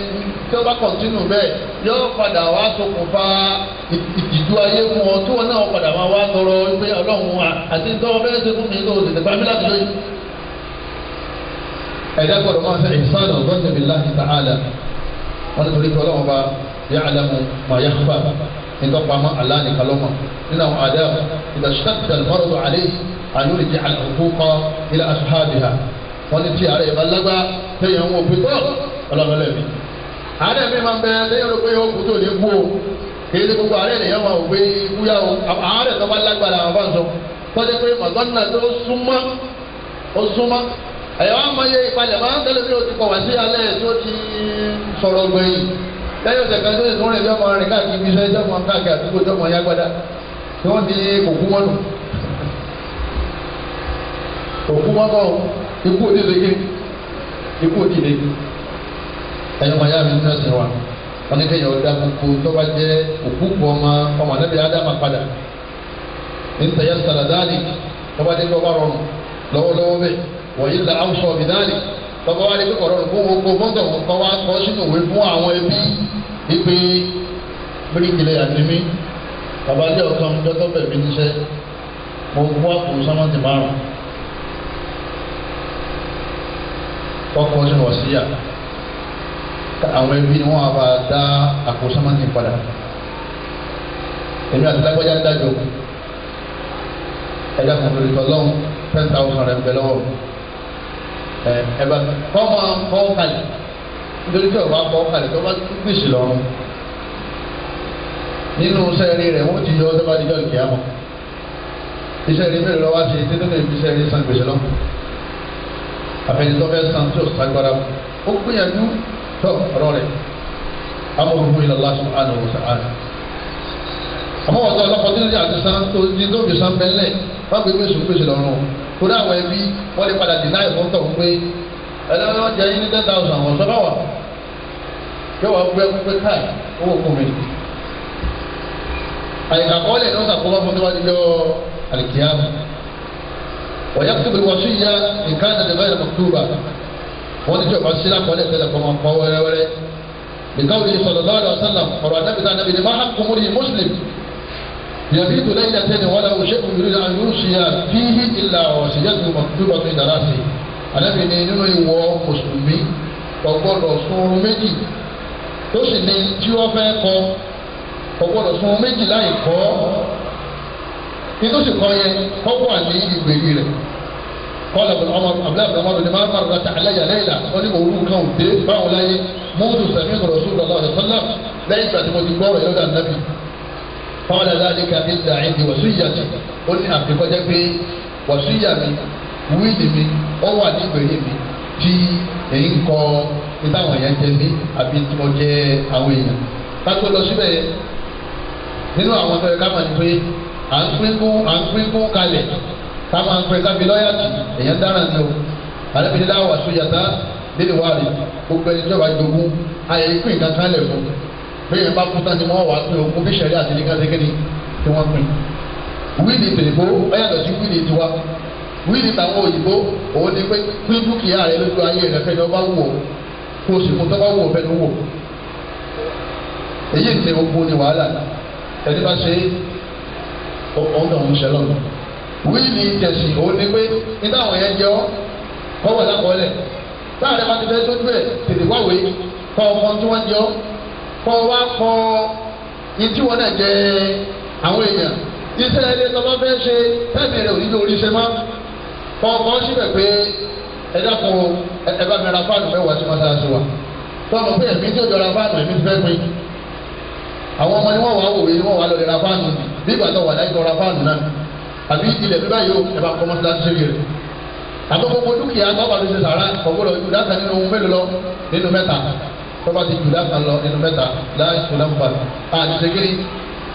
tí wọ́n bá kọ̀tínú bẹ́ẹ̀ yóò padà wá ṣokùnfà ìtìjú ayé fún ọ tí wọn náà padà máa wá sọ̀rọ̀ pé ọlọ́run àti tọ́wọ́ fẹ́ẹ́ ṣe fún mi tó tètè pa mí láti lóyún. ẹ̀dá gbọ́dọ̀ máa fẹ́ ìsánà ọ̀gbọ́n mi láti ta'ala wọn nítorí pé ọlọ́run bá ya'lamu ma yakhfa nígbà pamọ́ aláàní kalọ́mọ̀ wọ́n ní tí ààrẹ ìbá lágbá tẹ̀yẹ̀ ń wò pé tọ́ ọlọ́run lẹ́bi. ààrẹ mi máa ń bẹ tẹ́yẹ̀ ló pé ó kú tó kú o kì gbogbo ààrẹ nìyẹn máa wò pé ikú yá o ààrẹ tó bá lágbára àwọn bá ń sọ tọ́jú pé màdánà tó súnmọ́ ó súnmọ́ ẹ̀yọ́ amáyé ìpalẹ̀ máa ń tẹ́lẹ̀ o ti kọ̀ wá sí alẹ́ tó ti sọ̀rọ̀ gbẹ̀yìn lẹ́yìn ọ̀sẹ̀ kan tó bí ọmọ ibi iṣẹ́ káàkiri àdúgbò yágbádá tí wọ́n ti mọ́nù ikú òdì leke ikú òdì leke ẹ̀yọ́ màá yá mi nínú ẹ̀sìn wa wọn ní kẹ́yìn ọ̀dà gbogbo tọ́ba jẹ́ òkú pọ̀ ọmọ ọmọ anábì ádámà padà ní tẹ̀yẹ́ sàlàdáàlì tọ́ba dé tọ́ba rọrùn lọ́wọ́lọ́wọ́ bẹ́ẹ̀ wọ̀nyí la awùsọ̀ bìdáàlì tọ́ba wa lè kọ̀ rọrùn gbogbo gbọ́dọ̀ kọ́ wa kọ́ sínú òwe fún àwọn ẹbí ìpè bíríkìlẹ̀ àtẹ̀mí bàbá lé ọ̀kan jọ́tọ̀ bẹ̀ mí níṣẹ́ mo mú àpò sámọ́tì márùn fọ́kọ́ sínú wàsíyà àwọn ẹbí ni wọ́n á bá dá àpò sọ́mọ́tì padà èmi àti lágbájá dájọ́ ẹ̀dá kan lórí tọ́lọ́hún ten thousand rẹ̀ ń bẹ lọ́wọ́ ẹ bá kọ́ máa kọ́ kalẹ̀ nítorí tí o bá kọ́ kalẹ̀ tó bá gbèsè lọ́rùn nínú sẹ́ẹ̀rí rẹ̀ wọ́n ti yọ ọ́ tó bá di jọ́ọ̀kì àmọ́ iṣẹ́ rí mélòó lọ́wọ́ á títí tó lè fi sẹ́ẹ̀rí gbèsè lọ́rùn àfẹnitọ́fẹ́ san tí o sàgbára ó gbìyànjú tó ọ̀rọ̀ rẹ̀ amóhùnmó ilẹ̀ Allah subhanahu wa ta'ala. àmọ́ wọ́n sọ ọlọ́pọ̀tínlẹ̀ àti san tó ní tó fi san bẹ́lẹ̀ wọ́n gbé gbèsè gbèsè lọ́rùn kó dá àwọn ẹbí wọ́n lè padà dìnnà ìfọ́n tó ń pé ẹlẹ́wọ́n jẹ́ yín ní ten thousand wọ́n sọ báwà yóò wá gbé pé káì owó kún mi. àyíká kọ́lẹ̀ ló ń sàkóbá fún tí wọ́n ti jọ àlìkíyàmù ويكتب الوصية إن كانت غير مكتوبة wọ́n ti tó ìfọ̀ sílá kọ́lẹ̀ tẹ́lẹ̀ kọ́ máa ń pọ̀ wẹ́rẹ́wẹ́rẹ́ nìkan òye sallallahu alaihi wasallam ọ̀rọ̀ anábì tá anábì ní máa ń kún ní muslim yàbí ìtò lẹ́yìn ẹ̀tẹ́ ni wọ́n lọ ṣe òmìnir náà yóò ṣe à fíhí ìlà ọ̀sìn yẹn tó mọ̀túbọ̀ tó ìdára sí anábì ní nínú ìwọ mùsùlùmí ọgbọ́dọ̀ sun oorun méjì tó sì ní tí wọ́n fẹ́ kọ ọgbọ́dọ̀ sun oorun méjì láì kọ́ ní tó sì kọ yẹn kọ́ wà ní ìgbèrí rẹ̀ kọ́lá bùn ọmọ abúlé bùn ọmọ bìnrin máa ń fara rata aláya lẹ́yìnlá wọ́n ní òwúrú kan ò dé báwọn láyé mọ́tò sàmì ọ̀rọ̀ sùn lọ́wọ́ sọ́lá lẹ́yìn ìgbà tí mo ti gbọ́ ọ̀rọ̀ yọ̀dà nàbì. kọ́lá dáadéka ní dàáyé ti wàsúyà mi ó ní àfikọ́jẹ́ pé wàsúyà mi wíìlì mi ó wà ní ìgbèrè mi tí èyí ń kọ ìtàwọn èèyàn jẹ mí àbí tí mo jẹ àwọn èèyàn. látó lọ síbẹ̀ nínú àwọn fẹ́rẹ́ ká sábà ń pè sábì lọ́yà tì èèyàn dára ní o àlẹ́bìnrin láwọ̀ àṣọyàtà lílì wà rí gbogbo ẹni tó bá jogún ayé ikú nǹkan kan lẹ̀ fún bẹ́ẹ̀ bá kú tán ni wọ́n wà pé ogún bíṣẹ̀rí àti nìkanṣẹ́kẹ́ni tí wọ́n pín wíìlì tèbó ọ̀yàtọ̀ sí wíìlì tiwa wíìlì tàwọn òyìnbó òun ni pé pín dúkìá rẹ lójú ayé rẹ fẹ́ni ọba wù ọ́ kó o sì fún tọ́ba wù ọ́ o wù ọ́ èyí ń o ogun ni wàhálà ẹni o ṣe ọ̀ọ́dọ̀ ń ṣẹlọ́nà wíìlì tẹ̀sìn òun ni pé ní táwọn yẹn jẹ́ ọ́ kọ́wọ́ lákọọ́lẹ̀ táwọn yẹn bá ti fẹ́ sójú ẹ̀ tètè wáwé kọ́ ọmọ tí wọ́n jẹ́ ọ́ kọ́ wá kọ́ ní tí wọ́n náà jẹ́ àwọn èèyàn iṣẹ́ ilé tọ́lá fẹ́ ṣe tẹ́mi rẹ̀ òní lórí ṣe máa kọ́ ọkọ́ síbẹ̀ pé ẹ dákun ẹ bá mi ra fáànù mẹ́wàá sí mọ́sáàsì wa tọ́mọ pé ẹ̀mí tí ó jọra fáànù ẹ̀mí ti fẹ́ pin àwọn ọmọ ni wọ́n wà wòye ni wọ́n wà lọ́ọ́ ra fáànù bí ìgbà tó wà láì tọ́ra fáànù náà àbí ilẹ̀ bí báyìí o ẹ bá kọ́ mọ́sálásí sórí rẹ̀ àbọ̀ gbogbo dúkìá tọ́ba ló ṣe sàrà ọ̀gbọ́dọ̀ ìjùdá kan nínú ohun mélòó lọ nínú mẹ́ta tọ́ba ti jùdá kan lọ nínú mẹ́ta láì ṣọlá mọ́ba àdìsẹ́gẹ́rì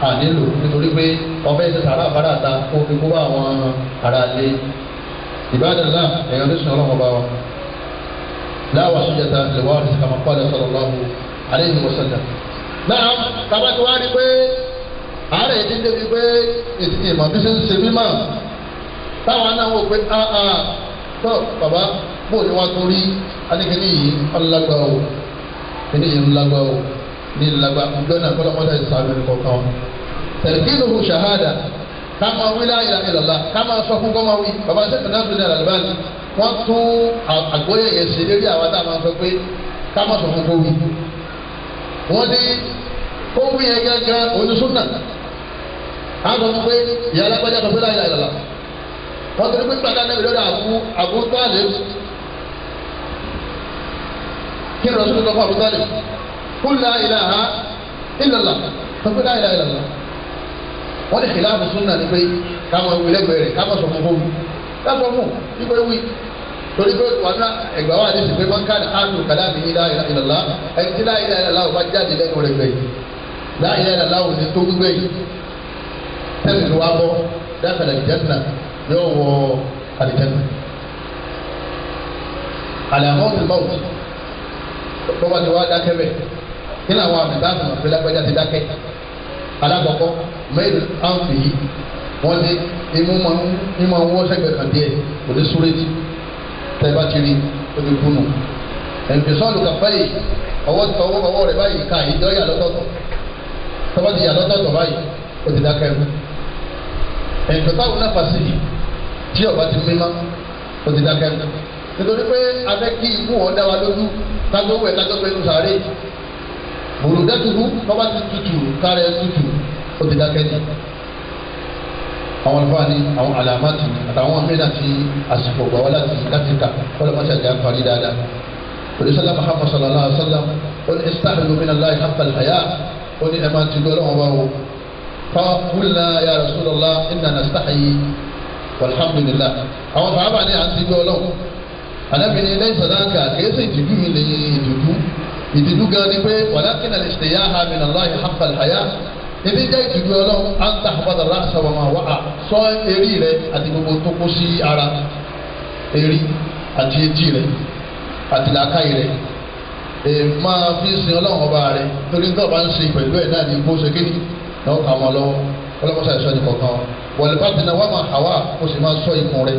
ànílò nítorí pé ọbẹ̀ ṣe sàrà àbára ta kó fi kó bá àwọn ará lé ìbádàlá ẹ̀yọ́ ló sùn ọlọ́mọba wa láwa sójata lè wá ọ̀rẹ́sì kàmá pàdé sọ̀rọ̀ lọ́wọ́ àárẹ̀ yìí dídé bíi pé ìmọ̀ bí ṣe ń ṣe mímọ̀ táwọn náà wò pé áá ah, ah, tó bàbá bò ní wá tó rí aníkíní yìí ọlágbá o kíní yìí ńlágbá o ní ńlágbá ọjọ́ náà kọ́lọ́kọ́lọ́ ìsàlù ní kọ̀ọ̀kan wọn. tẹ̀lifíìnù hù ṣàhádà ká máa wí láàyè ìlọ́lá ká máa sọ fún gọ́mọ wí bàbá sẹ́kùn náà tún ní àlàlùbáàlì wọ́n tún àgbóyè yẹn ṣe lórí àwọn táwọn sọ pé ká má sọ fún kó wọ́n ní kó wí yẹn gángan oníṣúná a sọ fún pé ìyá alágbájá sọ pé láyé àyàlá wọ́n ti ní pé pàdé anábì lọ́dọ̀ àbú àbú tálẹ̀ kí ni rọ̀ṣùn tó kọ́ àbú tálẹ̀ kú láyé àyàlá ìlàlá sọ pé láyé àyàlá wọ́n ní kìláàfù súnà ni pé káwọn ewu lẹ́gbẹ̀ẹ́ káwọn sọ fún fún mi fún mi wí torí pé wọn ná ẹgbà wà ní ìsìnkú wọn káàdì àánú kàláàmì yìí láyé ìlàlá ẹni tí láyé ìlàlá ò bá jáde lẹ́nu rẹ̀ gbẹ̀yìn láyé ìlàlá ò ní tó gbẹ̀yìn sẹ́ni tó wá bọ́ dákàlà ìjẹ́nà yóò wọ àlìjẹ́nà. àlàmọ́ ti mọ̀ tó bá ti wá dákẹ́ bẹ̀ kí ni àwọn àmì táàbù àfi lágbájá ti dákẹ́ alákọ̀ọ́kọ́ mẹ́rin àǹfì yìí wọ́n ní imú máa ń wọ́ sẹ́gbẹ̀ẹ́ kan díẹ̀ kò ní súrẹ́tì tẹ́ bá ti rí ojú gbónú ẹnfisọ́ọ̀lù kàfá yìí ọwọ́ ọwọ́ rẹ̀ báyìí ká ìjọ yà lọ́tọ̀ọ̀tọ̀ tọ́ba ti yà lọ́tọ̀ọ̀tọ̀ báyìí ó ti dákẹ́ ẹ̀kú ẹ̀ǹkọ́tàwọ̀ náà fà sí yìí tí ọba ti mímá o ti dákẹ́ nítorí pé abẹ́ kí ikú wọn dá wa lójú kájọ wẹ̀ kájọ pé nù sàárè bòlùdẹ́tùrú bọ́bá ti tutù kárẹ̀ tutù o ti dákẹ́ ní. àwọn àlùfáà ni àwọn àlàmáàtì àtàwọn mìíràn ti àsìkò gbà wá láti láti kà wọ́n mọ̀ ṣàjà parí dáadáa. olùsọ́lá Muhammad sallallahu alayhi wa sallam ó ní istahilu min ẹ̀ máa ti gbọ́ lọ́wọ́ báwo فقلنا يا رسول الله إنا نستحي والحمد لله àwọn sàábà ní àti ibi ọlọ́run anábì ní lẹ́yìn sàdáàkà kèésì ìtìjú yìí lè ìtìjú ìtìjú gan ni pé wàlákìnà lè ṣe yá ha mìíràn láàyè hàpàlì àyà ibi jẹ́ ìtìjú ọlọ́run á ń ta àpàdà láṣà wà máa wà á sọ eré rẹ àti gbogbo tó kó sí ara eré àti etí rẹ àti làákàyè rẹ èèmà fi sin ọlọ́run ọba rẹ torí tó bá ń ṣe pẹ̀lú ẹ̀ náà ní bó ṣe kéde náà kà wọn lọ́wọ́ ọlọ́mọṣà ìṣọ́ ni kọ̀ọ̀kan wọ̀lẹ̀ bá dènà wà máa hàwà ó sì máa sọ ikùn rẹ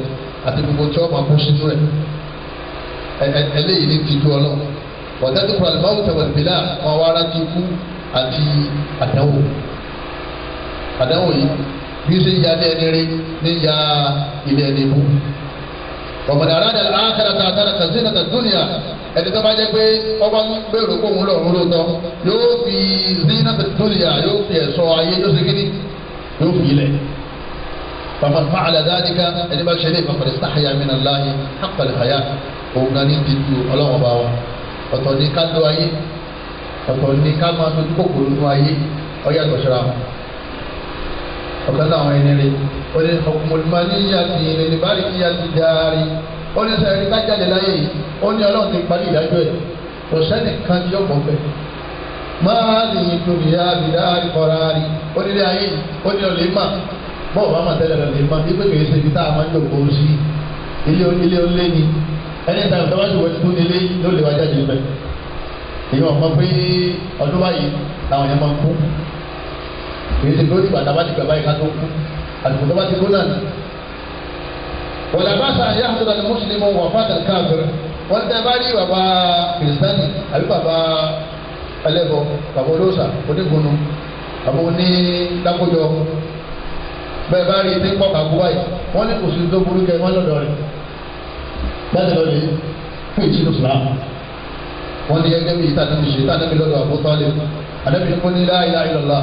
àti gbogbo tí wọ́n máa kó sínú rẹ eléyìí ní ti ju ọlọ́run wọ̀dẹ́tù kúrò àlùbáwò tẹ̀wọ̀n ìbílẹ̀ wọn wá rántí ikú àti àdánwò àdánwò yìí bí ó ṣe ń ya ilé ẹni rí ní ya ilé ẹni bú ọ̀mọ̀dàrá ni àkàrà tààtàrà kàzínà kàdúnìyà ẹni tó bá jẹ́ pé ọba ń gbèrò kó òun lọ́rùn lóòótọ́ yóò fi zina tóliya yóò fi ẹ̀sọ́ ayé yóò ṣe kíní yóò fi ilẹ̀ fàfàfà fa'ala dhalika ẹni bá ṣẹlẹ̀ fàfàdé sàhàyà min Allahi haqqa al-haya òun náà ní dídú ọlọ́wọ́n bá wa ọ̀tọ̀ ní ká lọ ayé ọ̀tọ̀ ní ká máa tó kókòrò nú ayé ọ̀yà tọ̀ṣọ́ra ọ̀kan láwọn ẹni rẹ̀ ó ní hukmul ó ní sẹ́yìn ká jáde láyé yìí ó ní ọlọ́run ti parí ìdájọ́ ẹ̀ kò sẹ́ni kan tí ó mọ̀ bẹ́ẹ̀. máa ní ìtòbí àbídá ìkọ̀ra rí onílé ayé yìí ó ní ọ̀lẹ́ mà bọ́ọ̀ bá mà tẹ́lẹ̀ ọ̀lẹ́ mà bí pépè ṣe ibi tá a máa ń lò kó sí ilé ilé olé ni ẹni tàbí tó bá ti wọlé fún ilé ló lè wá jáde bẹ́ẹ̀. èyí wọn mọ pé ọdún báyìí làwọn yẹn máa ń kú kì í ṣe pé ó ti gbàdá bá ti gbà báyìí ká tó kú àdùkù tó bá ti kú náà wọ̀lá bá sa ayé àtúntò àti mùsùlùmí wọ̀ fàtà káfíìrì wọ́n tẹ́ bá rí bàbá kìrìsìtánì àbí bàbá ẹlẹ́bọ bàbá olóòṣà onígunnu bàbá oní dákójọ bẹ́ẹ̀ bá rí ní pọ́kà gbúwá yìí wọ́n ní kùsùn tó burú kẹ́ wọ́n lọ́dọ̀ rẹ̀ bẹ́ẹ̀ lọ́dọ̀ yìí fún ìṣinú sùlá wọ́n ní ẹgbẹ́ mi ìta níbi ṣe tánàbí lọ́dọ̀ àbótọ́lé àdébìnrin kò ní láàyè láàyè lọ́la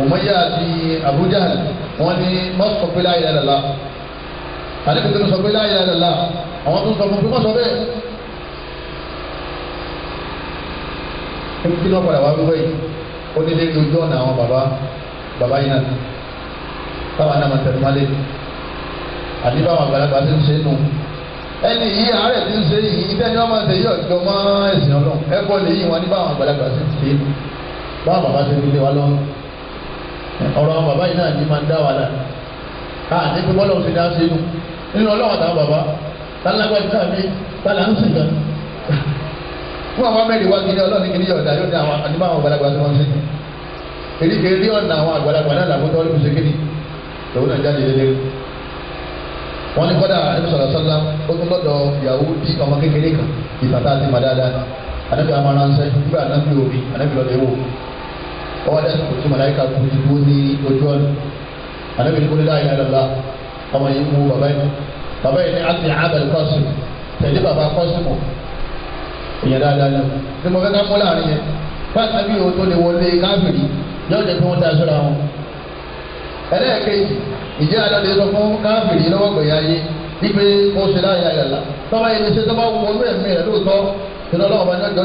òmọ́yà àti àbújá wọ́n ní mọ́sùkọ́pẹ́ láàyè láàyè lọ́la tàbí kìtìrì sọ pé láyé àdàlà àwọn tó ń sọ fún fún sọ bẹ́ẹ̀. ebi kí náà padà wá wíwọ́ yìí ó nílé lójú ọ̀nà àwọn bàbá bàbá yìí náà táwọn náà máa tẹ̀lé mọ́lé àti báwọn àgbàlagbà ti ń ṣe nù. ẹni yìí àárẹ̀ ti ń ṣe yìí ìtẹ́ni wọn máa ń ṣe yìí ọ̀jọ̀ mọ́ ẹ̀sìn ọlọ́run ẹ bọ́ lè yí wọn ní báwọn àgbàlagbà ti ń ṣe báwọn bàbá nínú ọlọ́wọ́ àtàwọn bàbá tálágbájú káàmì tálà ń sìn kan fún àwọn mẹ́rin wá gidi ọlọ́ọ̀ni gidi yọ̀ọ̀dà yóò dé àwọn àdìmọ́ àwọn àgbàlagbà tó wọ́n ń sìn èdèkè rí ọ̀nà àwọn àgbàlagbà náà làwọn tó wọ́n ń sìn kiri lòun náà jáde lé léwu wọ́n ní kọ́dà ẹni sọ̀rọ̀ sọ́lá ó tún lọ́dọ̀ ìyàwó di ọmọ kékeré kan ìbàtà àti màdáadáa anábì amáránsẹ́ nígbà anábì omi anábì lọ́dọ̀ ewu ọwọ́ adé àti kòtò màláyíkà kú ní ojú ọ̀nà anábì ní kó ọmọ yìí mú bàbá yìí bàbá yìí ní àti abel kọ́sùn tẹ̀lé bàbá kọ́sùn mọ̀ ìyẹn dáadáa lọ ni mo fẹ́ ká mú láàrin yẹn bá tàbí o tó lè wọlé káfìrí yóò jẹ́ kí wọ́n ta sọ́ra wọn. ẹlẹ́ẹ̀kejì ìjẹ́ àdọ́lẹ̀ sọ fún káfìrí lọ́wọ́ gbẹ̀yà yé wípé ó ṣe láàyè àyàlá tọ́ba yẹn ní ṣe tọ́ba wọnú ẹ̀mí rẹ̀ lóòótọ́ ìrọ̀lọ́wọ́ bá yọjọ́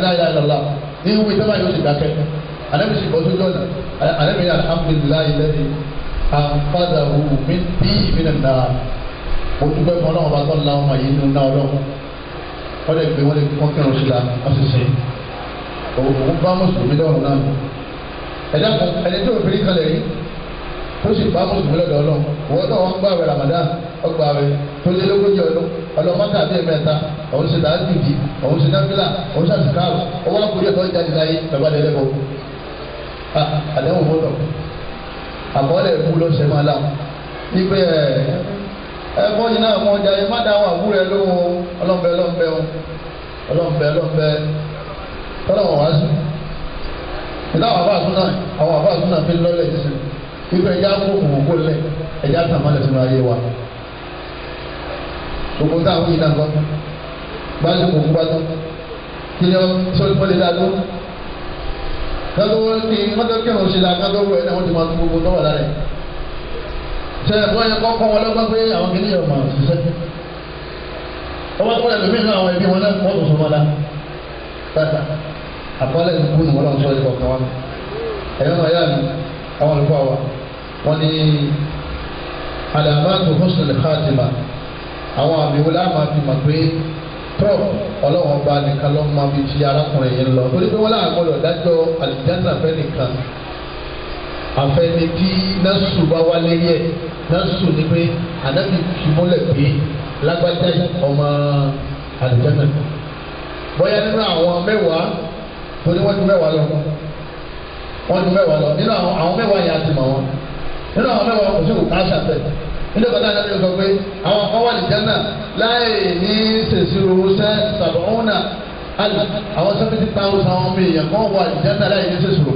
jáde báyìí ní wíwí sábà yóò sì dákẹ́ alẹ́mi sì bọ́ sójú ọ̀nà alẹ́mi ní alhamdulilayi lẹ́yìn àǹfààdà òwò mi bí ìmìnà náà mo dúpẹ́ fún ọlọ́run bá tọ́ la ọmọ yìí nínú náà ọlọ́run wọ́n lè gbé wọ́n lè wọ́n kírun sí la wọ́n sì sìn òun bá mùsùlùmí lọ́rùn náà ẹ̀dá kan ẹni tó fi rí kalẹ̀ yìí tó sì bá mùsùlùmí lọ́dọ̀ ọlọ́run wọ́n náà wọ́n gbààwẹ̀ Ramadan ọgbààwẹ̀ tó lé lógójì ọ ọlọ́mọ́ta bíi mẹ́ta òun ṣe náà dùdì òun ṣe náfìlà òun ṣe àṣìkáwò ọwọ́ àkúrẹ́ ọ̀dọ́ jáde láyé bàbá lẹ́lẹ́ àdéhùn máa ẹ náà mọ ọjà má dáhùn lóhùn wá sí ìlà àwọn àbá àwọn àbá fi kó wa. gbogbo táwọn yìí náà gbọ́dọ̀ gbádùn kò gbádùn kí ni sọ́ni pọ́lẹ́ dáa tó kátó wọ́n ní mọ́tò kírun ṣe la kátó wọ̀ ẹ́ náà wọ́n ti máa tó gbogbo tọ́wọ̀ lára ẹ̀ ṣe ẹ̀kọ́ yẹn kọ́ kọ́ wọn lọ́gbọ́n pé àwọn kìnìún yẹn máa ṣiṣẹ́ ọmọ tó wọlé lómi náà àwọn ẹbí wọn náà wọ́n tó wọn la bàtà àkọọ́lẹ̀ ìkú ni wọ́n tó fún sùn àwọn àmì wo láàmà fi mọ̀ pé tọ́ọ̀ ọlọ́wọ́n bá nìkan lọ́ máa fi ti arákùnrin yẹn lọ torí pé wọ́n láàgbọ́dọ̀ dájọ́ àlìjáná fẹ́ nìkan àfẹni tí násù bá wá lérí ẹ̀ násù ni pé ànábì fìmọ́lẹ̀ pé lágbájá ọmọ àlìjáná bóyá nínú àwọn mẹ́wàá tó ní wọ́n ju mẹ́wàá lọ wọ́n ju mẹ́wàá lọ nínú àwọn mẹ́wàá yẹn àti mọ̀ wọn nínú àwọn mẹ́wàá kò sí kò ká nínú ìgbà náà lẹ́nu sọ pé àwọn kan wà ní jẹ́nà láì ní sèṣirò ṣẹ́ sàbọ̀nà àlù àwọn seventy thousand ọmọ èèyàn kan wà ní jẹ́nà láì ní sèṣirò.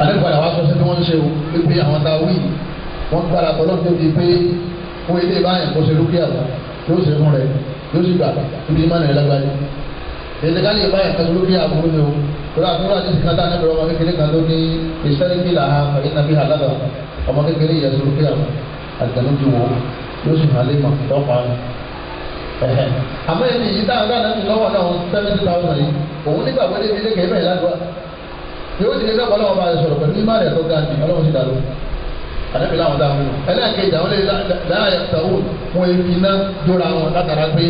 àdébùpadà wa sọ sí bí wọ́n ń ṣe o pé àwọn tá a wí wọ́n padà tọ́lọ́ débi pé wọ́n ilé báyìí kó ṣe lókè àgbà yóò ṣe fún rẹ yóò sì gbà ibi ìmọ̀nà ìlágbáyé ìdíkàlì ìbáyà kan lórí àbúrò ni o lórí àbúrò àti ìsìnkàtà níbi ọmọ kékeré kan tó ní ìṣẹ́lẹ̀kì làhà ìnàbí àlàdà ọmọ kékeré yẹ sọ pé àtẹnu ti wò yóò sì hàn lé mọ̀ lọ́pàá rẹ̀. àmọ́ ẹni yìí táwọn gáà náà ti lọ́wọ́ náà seventy thousand yìí òun nígbà wọlé ilé kẹ́ bẹ́ẹ̀ ládùá yóò ti lè fẹ́ kọ́ lọ́wọ́ bá rẹ̀ sọ̀rọ̀ pẹ̀lú ìmáà rẹ̀ tó ga ni ọlọ́run ti dàrú àdàbí làwọn dáhùn nù ẹlẹ́ẹ̀kejì àwọn ilé dáhà yàtọ̀wò wọn èèyàn iná dóra wọn látara pé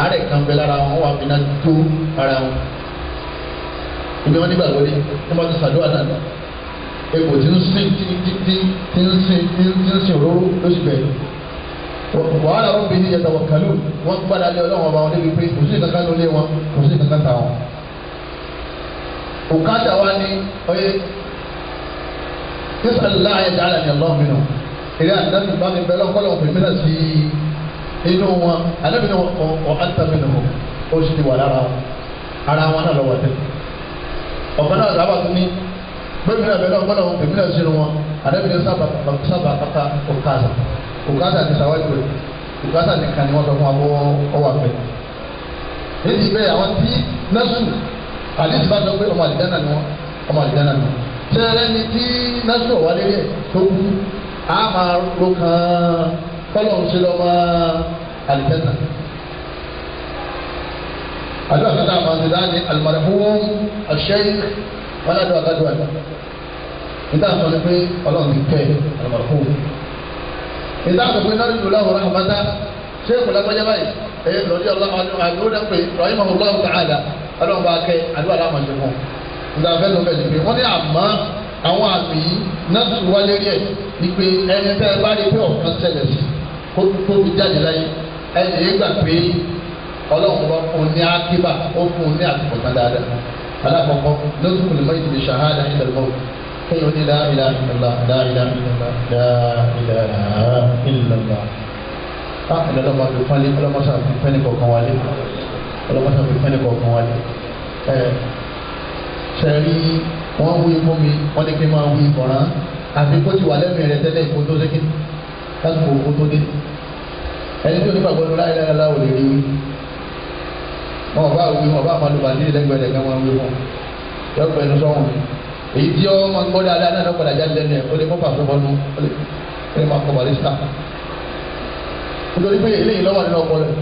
àárẹ̀ kan bẹ lára wọn wà fínà tó ara wọn. ìgbìmọ̀ nígbà wọlé wọn bá ti sàdúrà náà egbò tí ń sìn tí tí tí tí ń sìn tí tí ń sìn òróró ló sì bẹ̀rù wàhálà wọn bẹ̀rẹ̀ yẹtọ̀ wọn kàlù wọn gbàdá lé ọlọ́wọ́n ọba wọn débi pé kò sí kankan ló lé wọn kò sí kankan tà wọn. òkàtà wa ni ọyẹ sísàlá ayẹyẹ àlà ni ọlọ́run mìíràn èrè àdáni bá mi bẹ́ẹ̀ lọ́kọ́ lọ́wọ́ fèmí náà sí inú wọn alábìínú ọ̀ àtàmínú ó sì ti wà lára wọn ara wọn náà lọ́wọ́ tẹ̀ ọ̀kan náà sábà tún ní bẹ́ẹ̀ mi àbẹ̀lẹ̀ ọ̀gbọ́n àwọn èmi náà ṣẹlẹ̀ wọn àdẹ́bìnrin sábà kàkà òkàzà òkàzà ní sàwájú rẹ̀ òkàzà nìkan ni wọ́n sọ fún abọ́ ọwà pẹ̀. èyí bẹ́ẹ̀ àwọn tí násù àdìsí bá sọ pé ọmọ àdìjánà ni wọ́n ọmọ àdìjánà ni wọ́n. tẹ́lẹ̀ ni tí násù ọ̀wá lé rẹ̀ tó kú á máa ro kan kọ́lọ̀ ń ṣe lọ́mọ àdìjánà. àdúrà kọ́tà àmọ́ wọn ládùúgbò àgbàdùn àná nígbà tó ní pé ọlọ́run ti tẹ̀ àlùmọ̀kù nígbà tó pé náà lùlá da rahmata ṣé kò lágbájá báyìí ẹ̀yẹ lọ́dí ọlọ́run àdúró allah eh, ta'ala ọlọ́run bá kẹ́ àdúrà láwọn ṣe fún nígbà fẹ́ ló fẹ́ ní pé wọ́n ní àmọ́ àwọn àmì yìí náà pé ẹni bá rí pé sí kó tó fi jáde láyé ẹni alákọ̀ọ́kọ́ lọ́sùn lè mọ́yì tìbí ṣahada ní ìdàlùmọ́ kéèyàn ní láìlá ìlàlá láìlá ìlàlá láìlá ìlàlá. a ìlàlá máa fi pálí ọlọ́mọṣà fi fẹ́ni kọ̀ọ̀kan wálé ọlọ́mọṣà fi fẹ́ni kọ̀ọ̀kan wálé. ẹ sẹ́rí wọ́n wí fún mi wọ́n ní kí n máa wí ìkọ̀ràn àfi kó ti wà lẹ́nu rẹ̀ tẹ́lẹ̀ kó tó sékè lásìkò kó tó dé ẹni tó nípa gbọ́dọ̀ láìlá ìlàlá ò lè rí wọn ọba àwọn ìwé wọn ọba àmàlùbà ní ìlẹ́gbẹ̀rẹ̀ kan wọn wí wọn yọpẹ ẹnu sọhùn èyí tí wọn máa ń gbọ́ dáadáa náà lọ́pọ̀ dájá lẹ́nu ẹ̀ ó lè mọ́pà fún ọdún ó lè máa kọ́ bàlẹ́ síta nítorí pé eléyìí lọ́wọ́ nínú ọpọlọ ẹ̀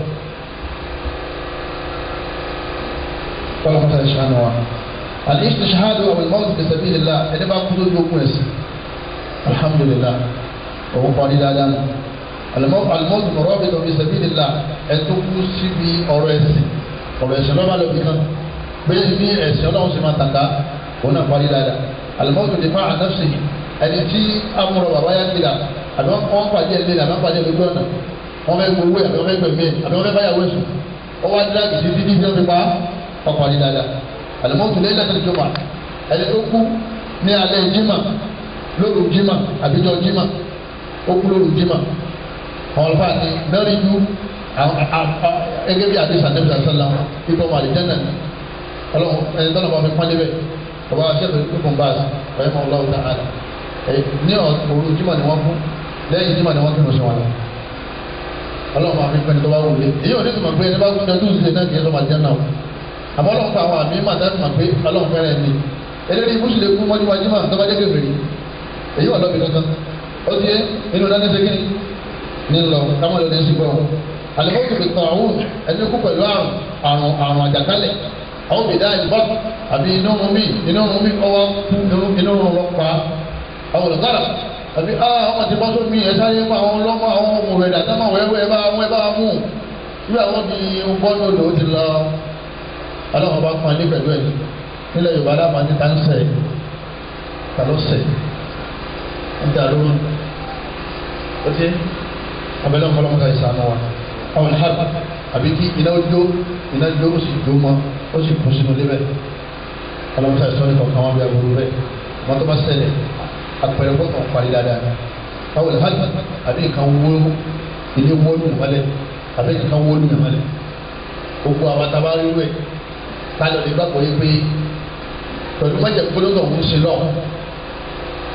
kọ́lá kọ́tà ìṣáná wa al-istishhadu àwọn ìmọ̀ọ́mù ti tẹ̀sẹ̀ bí lè la ẹni bá kú lójú ogun ẹ̀sìn alhamdulilah òun parí dáadáa alimọ́ọ̀mù rọ́ọ̀bì tó fi sẹ̀bí lè la ẹ̀ tó kú síbi ọ̀rọ̀ ẹ̀sìn ọ̀rọ̀ ẹ̀sìn lọ́ba lọ́bi kan bẹ́ẹ̀ ni ẹ̀sìn ọlọ́run sì máa tàkà òun náà parí dáadáa alimọ́tò lè má ànáfsì ẹni tí amúrò bàbá yá ti rà àbí wọ́n pàdé ẹ̀ lélẹ̀ àbí wọ́n pàdé ẹ̀ lójú ọ̀nà wọ́n fẹ́ gbowó àbí wọ́n fẹ́ gbẹ̀mí àbí wọ́n fẹ́ báyàwó ẹ̀sùn wọ́n wá dá kìsì títí tí wọ́n fi pa ọ parí dáadáa alimọ́tò lè lẹ́tọ̀ tó wà ẹni tó kú ní alẹ́ jimá lóru jimá àbíjọ jimá ó kú lóru jimá ọ̀rọ̀ ẹgẹ́ bí adé sàdébí sàdébí pípọ̀ ọmọ àlìjẹ́nà ọlọ́run ẹni tọ́lọ̀ bá fi pọ́n débẹ̀ ọba ṣẹ́fẹ̀ pípọ̀ bá ọ̀yẹ́ mọ́ ọlọ́run tá a lọ. ní òru jímọ̀ ni wọ́n kú lẹ́yìn jímọ̀ ni wọ́n kí lóṣù wọn. ọlọ́run àfi pẹ́ni tó bá wù lé èyí ò ní tùmọ̀ pé ẹni bá kúndé tó ń ṣe náà kì í sọ àlìjẹ́nà o. àmọ́ ọlọ́run pa àwọn àmì màtá tùmọ̀ pé ọlọ́run fẹ́rẹ̀ ni eléré ibùsùn lè kú mọ́jú wájú máa ń tọ́ bá àlùmọ́tò fi tàn òun ẹni kú pẹ̀lú àrùn àrùn àrùn àjàkálẹ̀ àwọn bìdá ìbá àbí iná ọmọ mi iná ọmọ mi ọwọ́ iná ọmọ lọ pa àwọn olùkárà a ah, ọmọ ti bọ́ sómi ẹ sáré fún àwọn ọlọ́mọ àwọn ọmọ rẹ̀ dàtà máa wẹ́wẹ́ bá wọn bá mú àwọn ìhàbí àbí kí iná jó iná jó ó sì jó mọ́ ó sì kú sínú lébẹ̀ ọlọ́mọta ìsọ́ni kọ̀ọ̀kan wọn bí aburú bẹ́ẹ̀ wọ́n tó bá ṣẹlẹ̀ àpẹẹrẹ kọ̀ọ̀kan parí dáadáa àwọn ìhàbí àbí nǹkan wó ilé wó ní ìmọ̀lẹ̀ àbí nǹkan wó ní ìmọ̀lẹ̀ gbogbo àwọn tá a bá rí rẹ̀ tá a lọ lè gbàgbọ́ yé pé pẹ̀lú mọ́jẹ̀ gbólóńgọ̀ ń ṣe lọ́wọ́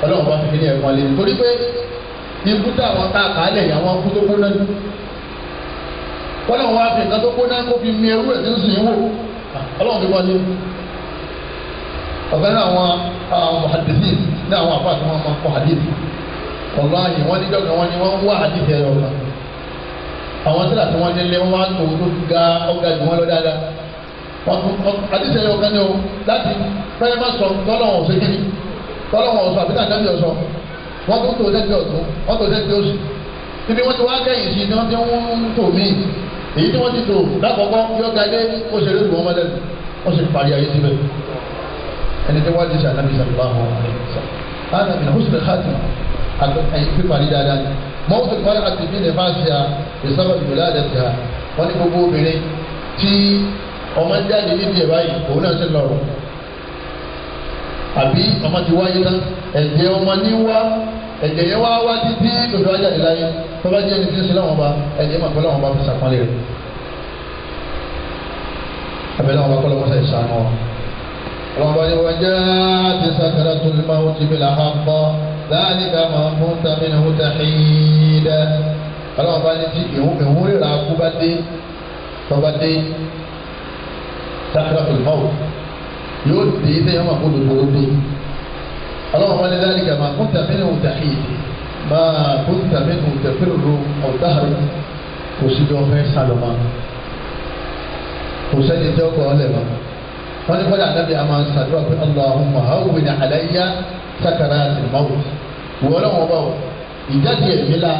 ọlọ́run bá fi kí ní ẹ̀kọ́ lé nítorí pé ibú táwọn tá a kà á lẹ̀ yà wọ́n kú tó kú lọ́dún. kọ́lọ́hún wá fi nǹkan tó kó náà kó fi mi ẹrú ẹ̀ tí ń sìn wò ọlọ́run fi wọlé ọ̀gá náà àwọn àdìsí ní àwọn àpá àti wọn máa àdìsí ọ̀gá wọn ni wọ́n wá àdìsí ẹ̀rọ ọ̀gá àwọn tí láti wọn nílé wọn ga ọ̀gá wọn lọ dáadáa àdìsí ẹ̀rọ ọ̀gá ni o láti má sọ èyí tí wọ́n ti tò lákọ̀ọ́kọ́ yóò ga dé ó ṣe lóògùn ọmọ lẹ́nu ó sì parí ayé síbẹ̀ ẹni tí wọ́n ti ṣe ànábì sallallahu alaihi wasallam ànábì náà ó sì lè hàtì àyè píparí dáadáa ni mọ́wọ́sọ̀ kọ́ àti bí lè máa ṣe à ìsábà ìgbòlá àdẹ́sẹ̀ à wọ́n ní gbogbo obìnrin tí ọmọ ń jáde níbi ẹ̀ báyìí òun náà ṣe lọ́rùn àbí ọmọ ti wáyé tán ẹ̀jẹ̀ ọmọ ní wá ẹ̀jẹ̀ yẹn wá wá títí dòdò ajáde láyé tó bá jẹ́ ẹni tí ń sin láwọn ọba ẹ̀jẹ̀ máa pẹ́ láwọn ọba fi sàpọ́nlé rẹ̀ abẹ́ láwọn ọba kọ́ lọ́wọ́ sẹ́yìn sànù wọn. ọlọ́run bá ní wọ́n jẹ́ àti sàkàrà tó lè máa wọ́n ti bẹ̀rẹ̀ àhámọ́ láàrin ká máa mú tàbí ní wọ́n tàhídá. ọlọ́run bá ní tí ìhun rírà kú bá dé tó dé sàkàrà tó lè máa wọ́n yóò dé ọlọ́run wọn ní dáríkà máa kún tàbínú tàkì máa kún tàbínú tẹ̀fẹ́rù ọ̀dáhàrú kò sí bí wọ́n fẹ́ sálọ́mọ́ kò sẹ́ni tẹ́ ọkọ̀ ọ̀lẹ̀ mọ́ wọ́n ní kọ́lá àdábì àmà ń sàdúrà pé allahumma hawwin alayya sakaratil maut wọ́n lọ́wọ́ bá wọ́n ìjáde ẹ̀mí la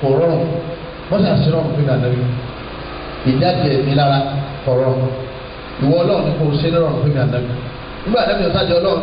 kò rọrùn wọ́n sì àṣírọ̀ fún mi ànábì ìjáde ẹ̀mí lára kò rọrùn ìwọ ọlọ́run kò sí rọrùn fún mi ànábì nígbà ànábì ọ̀sájọ́ ọlọ́run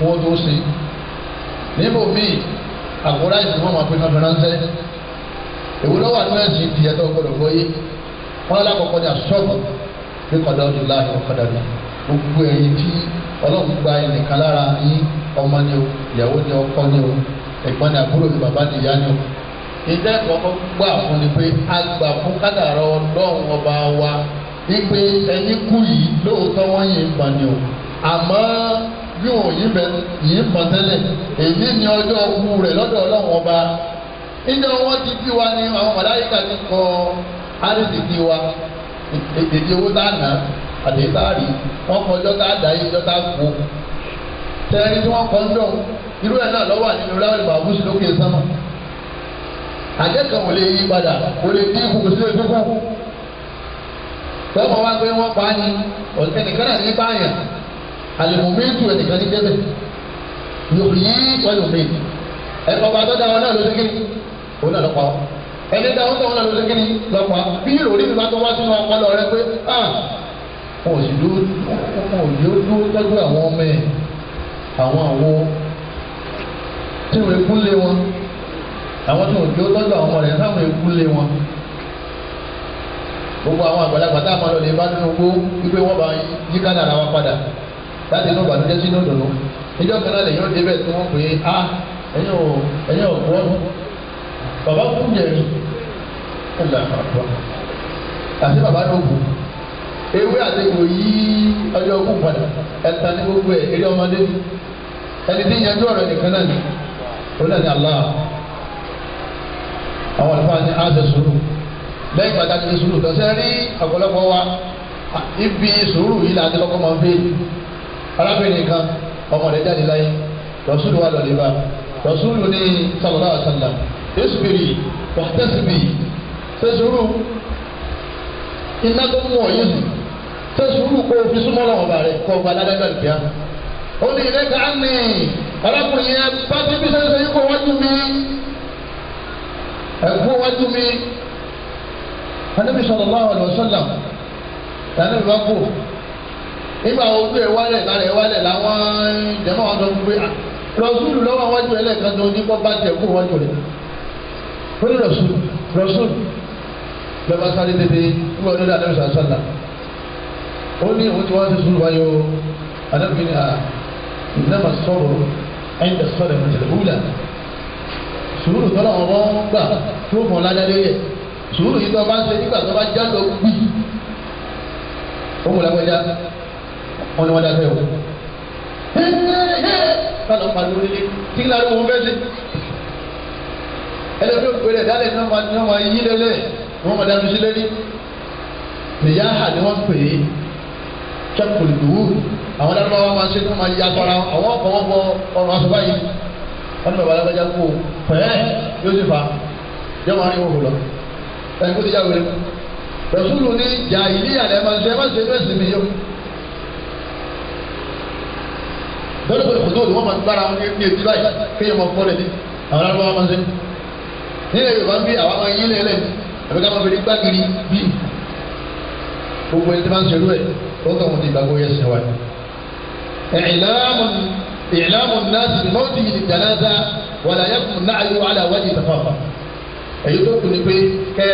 wọn tó ṣe níbo míì àkóra ìsìn wọn máa pé káfíń ránṣẹ́ èwo lọ́wọ́ àti mẹ́sì ti ẹ̀tọ́ gbọdọ̀ gbọ́yé wọn lákọ̀ọ́kọ́ ni àṣọ́bù pé kọ̀dọ̀ ọdún láàyè gbogbo tí gba o ìyàwó ni ọkọ ni o ẹ̀gbọ́n ni àbúrò ni bàbá ni ìyá ni o ìdá ìkọ̀kọ́ gbà fún ni pé a fún kádàrá ọlọ́run ọba wa wípé ẹni kú yìí lóòótọ́ wọ́n yìí o bí òun yìí bẹ yìí mọ̀ èyí ni ọjọ́ ogun rẹ lọ́dọ̀ ọlọ́run ọba ìjọ wọn ti wa ni àwọn màláyíkà ti kọ bí wa owó tá a nà àti wọn kọ tá a dà yìí tá a kú tẹ́lẹ̀ tí wọ́n kọ́ ń irú ẹ̀ náà àti lókè sánmà àjẹkàn ò lè yí padà àlùmọ̀mẹ́tù ẹnìkan ní débẹ̀ yòòyí wọ́yòmí ọba tó dáwọn náà ló òun náà lọ́pàá ẹni dáwọn tó náà ló ṣe lọ́pàá bí ìròrí mi bá tó wá sínú ọpọlọ rẹ pé ah wọn ò àwọn ọmọ ẹ̀ àwọn àwọn tí wọn ekú lé wọn àwọn tí wọn dúró tọ́jú àwọn ọmọ rẹ táwọn ekú lé wọn gbogbo àwọn àgbàlagbà táwọn ọmọ rẹ bá nínú gbó wípé wọn bá yí kádàrá wa padà láti inú bàtújẹ́ sínú dùnú ìjọ kan náà lèyìn débẹ̀ tí wọ́n pè é a ẹ̀yìn ò ẹ̀yìn ò kú ọ̀run bàbá kú jẹ̀rì ẹ̀là àpò àti bàbá ló ewé ọjọ́ kú padà ẹ̀ta ní gbogbo ẹ̀ eré ọmọdé ẹni tí yanjú ọ̀rọ̀ nìkan náà ni òun náà ni àwọn àlùfáà ni sùúrù lẹ́yìn pàtàkì sùúrù rí ọ̀pọ̀lọpọ̀ wa ibi sùúrù yìí arábìnrin kan ọmọ rẹ̀ jáde láyé rọ̀ṣúlù wà lọ́lẹ́ bá rọ̀ṣúlù ní sàlọ́lá àṣàlà èsùbìrì wàtẹ́sìbì sẹ́sùrù iná tó mú ọ̀yẹ́ sùn sẹ́sùrù kó o fi súnmọ́ lọ́wọ́ bàrẹ̀ kọ́ ọba aládájọ́ àlùfíà ó ní ilé ká ní arákùnrin yẹn bá ti bí sẹ́sẹ̀ yìí kó wájú mi ẹ̀kú wájú mi anabi sallallahu alaihi wasallam tani bá kú nígbà wo gbé e wálẹ̀ lára wà lọ sí pé rọ̀súlù lọ́wọ́ wájú ẹlẹ́ẹ̀kan tó ní bọ́bá jẹ̀ kó wájú rẹ̀ ó ní rọ̀súlù rọ̀súlù bẹ́ẹ̀ bá sáré tètè nígbà ọdún dáadáa sàn sàn náà ó ní òun ti wá sí sùúrù wáyé o adábí ni ìnáma sọ̀rọ̀ ẹ̀yìn sọ̀rọ̀ ìmọ̀tẹ̀lẹ̀ wúlà sùúrù tọ́lá ọ̀rọ̀ gbà tó mọ̀ ládàá lóye sùúrù yìí tó bá ń ṣe nígbà tó bá já lọ gbì ó mú lágbájá wọn ni wọn dá fẹ́ o kálọ pariwo lé kí ló ló ń bẹ lé ẹlẹ́bí òpèrè dálẹ̀ náà ní wọ́n máa yí lélẹ̀ wọ́n máa dánu sí lélẹ̀ nìyá hà ni wọ́n pè é kẹ́kùn ìdúwó àwọn alábàáwá máa ṣe kí wọ́n máa yí agbára àwọn ọkọ̀ wọn bọ ọrùn aṣọ báyìí wọ́n ní bàbá alágbájá kú pẹ́ẹ́ yóò ti yóò máa rí òhùn lọ ẹni kó ti jáwèrè jà ìdí àlẹ́ máa ṣe é má ṣe é bẹ́ẹ̀ sì yóò. lórí pé kò lóòrùn wọn máa gbára wọn ní ètí báyìí kéèyàn máa fọ́ lẹ́ni àwọn arábọ̀ wọn máa ń sẹ́ nílẹ̀ Yorùbá ń bí àwọn máa yín lẹ́lẹ̀ àbí ká máa fi gbàgìrì bí gbogbo ẹni tí máa ń ṣerú ẹ̀ ó kàn wọ́n ti gbàgbọ́ yẹn ṣe wá. ìlàmù náà ti mọ́tì yìí jànáza wàlà yẹ́kùn náà yóò wà láwájú ìtàfàfà èyí tó kù ni pé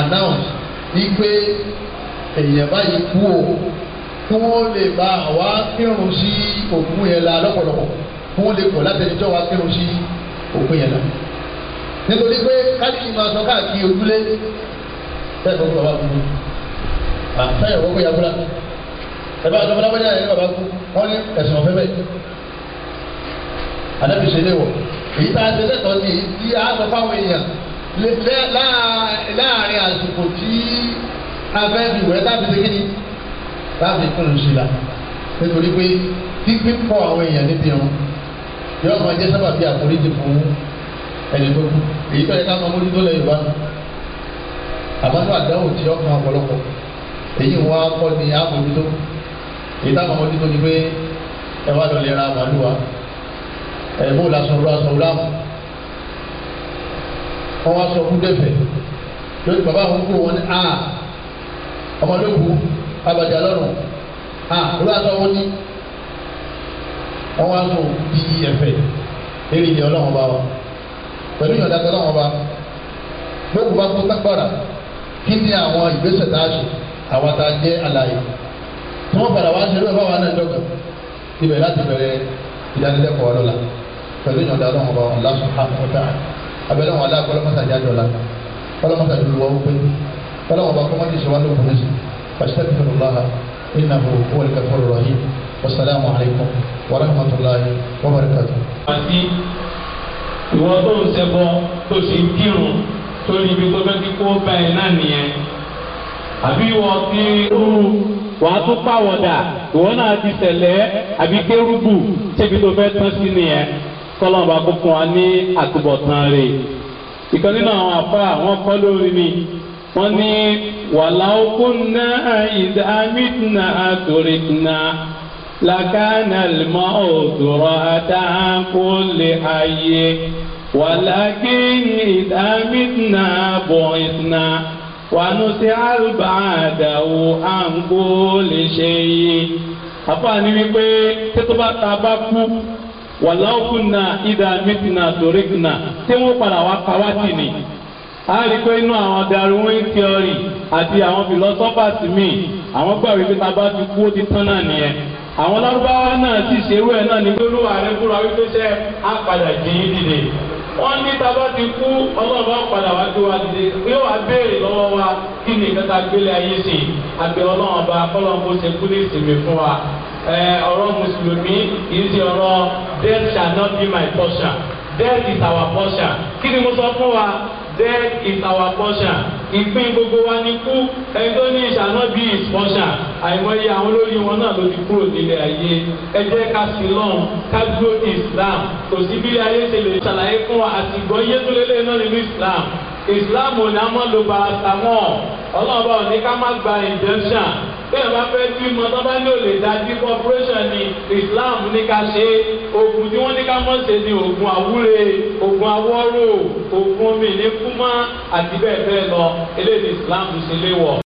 announce ní pé èèyàn báyìí kú o kí wọ́n lè bá àwa kírun sí òkun yẹn la lọ́pọ̀lọpọ̀ kí wọ́n lè pọ̀ látẹnijọ́ wa kírun sí òkun yẹn la nítorí pé káàkiri máa sọ káàkiri ojúlé bẹ́ẹ̀ fọwọ́ bàbá kú àtàyẹ̀ wọ́pọ̀ ya fúlá ẹ̀bá àti ọmọdé wọ́n yà bàbá kú wọ́n ní ẹ̀sùn ọ̀fẹ́ bẹ́ẹ̀ ànábì ṣe léwọ̀ èyí tá a ṣe lẹ́tọ̀ọ́ ní ti a sọ fáwọn èèyàn láàárín àsìkò tí abẹ́ láti kún un ṣìlá nítorí pé pípé kọ́ àwọn èèyàn níbi wọn yóò máa jẹ́ sábàbí àforíjì fún ẹni tó kù èyí tó yẹ ká máa mójútó lẹ́yìn wá àbánú àdáwò tí ọkàn ọ̀pọ̀lọpọ̀ èyí wọn á kọ́ ni àmójútó èyí táwọn àmójútó ni pé ẹ wá lọ lè ra màálù wa ẹ bó la sọ̀rọ̀ àsọ̀rọ̀ láàmú wọn wá sọ fún dẹ́fẹ̀ lórí bàbá àwọn kúrò wọn ní a ọmọdé kú kábàdà lọ́rùn à olú àtọ́ wọn ní wọ́n wá nù bí ẹ̀fẹ̀ eré ni ọlọ́wọ́n bá wa pẹ̀lú ìyọ̀dá tó lọ́wọ́n bá gbogbo bá kú tágbára kí ni àwọn ìgbésẹ̀ tá a ṣe àwọn tá a jẹ́ àlàyé tí wọ́n padà wá ṣe lóyún báwa náà dọ́gba ibẹ̀ láti bẹ̀rẹ̀ ìdánilẹ́kọ̀ọ́ lọ́la pẹ̀lú ìyọ̀dá lọ́wọ́n bá wọn lásán àkọ́tà abẹ́lẹ́ wọn aláàkọ́lọ́mọ́sàjájọ́ la kọ́lọ́mọ́sàjọ́ lọ́wọ́ pé kọ́lọ́mọ́ فاستغفر الله ụlọ هو الغفور الرحيم والسلام عليكم ورحمة الله وبركاته ìwọ tó ń ṣẹbọ tó sì ń kírun tó níbi tó fẹ́ kí kó bá náà nìyẹn àbí ìwọ tí rúru wà á tún pàwọ̀dà ìwọ náà ti ṣẹlẹ̀ àbí kérúbù síbi tó fẹ́ tán sí nìyẹn kó fún wa ní àtúbọ̀tán ìkànnì wọ́n ní wàláwó kúnná àìdá mítnà àtòrìknà lakana lima òdòrò àdáhàkó lè ayé wàlákìn ìdá mítnà bọ̀ìtnà wànúti àlùbàdàwò àǹkó lè ṣe yé. àfààní wípé tẹ́tọ́bá ta bá kú wàláwó kúnná ìdá mítnà àtòrìknà tí wọ́n padà wá kawá tì ní a rí i pé inú àwọn Darwin theory àti àwọn philosophers míì àwọn gbà wípé tá a bá ti kú ó ti tán náà nìyẹn àwọn lárúbáwá náà sì ṣerú ẹ̀ náà ní gbólú ààrẹ fúnra wípé ṣe á padà jìn ín dìde wọ́n ní tá a bá ti kú ọlọ́ọ̀bá padà wá gbé wa dìde yóò wá béèrè lọ́wọ́ wa kí ni ìkẹta gbélé ayé sí àgbẹ̀ ọlọ́ọ̀bá kọ́lọ́ọ̀bó ṣe kú ní ìsinmi fún wa ọ̀rọ̀ mùsùlùmí kì í ṣe ọ̀rọ̀ death shall not be my portion death is our portion kí ni mo sọ fún wa that is our portion ìpín gbogbo wa ní kú ẹni tó ní ìṣáná bí ìpọ́nṣà àìmọye àwọn olórí wọn náà ló ti kúrò nílé ayé ẹ jẹ́ ká sí lọ́n ká Islam kò sí bí ayé ṣe lè ṣàlàyé fún wa àtìgbọ́ yé náà nínú Islam Islam ni a máa lo paracetamol ọlọ́run bá òní ká má gba injection bẹ́ẹ̀ bá fẹ́ bímọ tó ní òlè dájú corporation ni islam ní ká ṣe oògùn tí wọ́n ní ká mọ̀ ṣe ni oògùn àwúre oògùn awọ́rò oògùn omi ní kúmọ́ àti bẹ́ẹ̀ bẹ́ẹ̀ lọ eléyìí islam ṣe léwọ̀.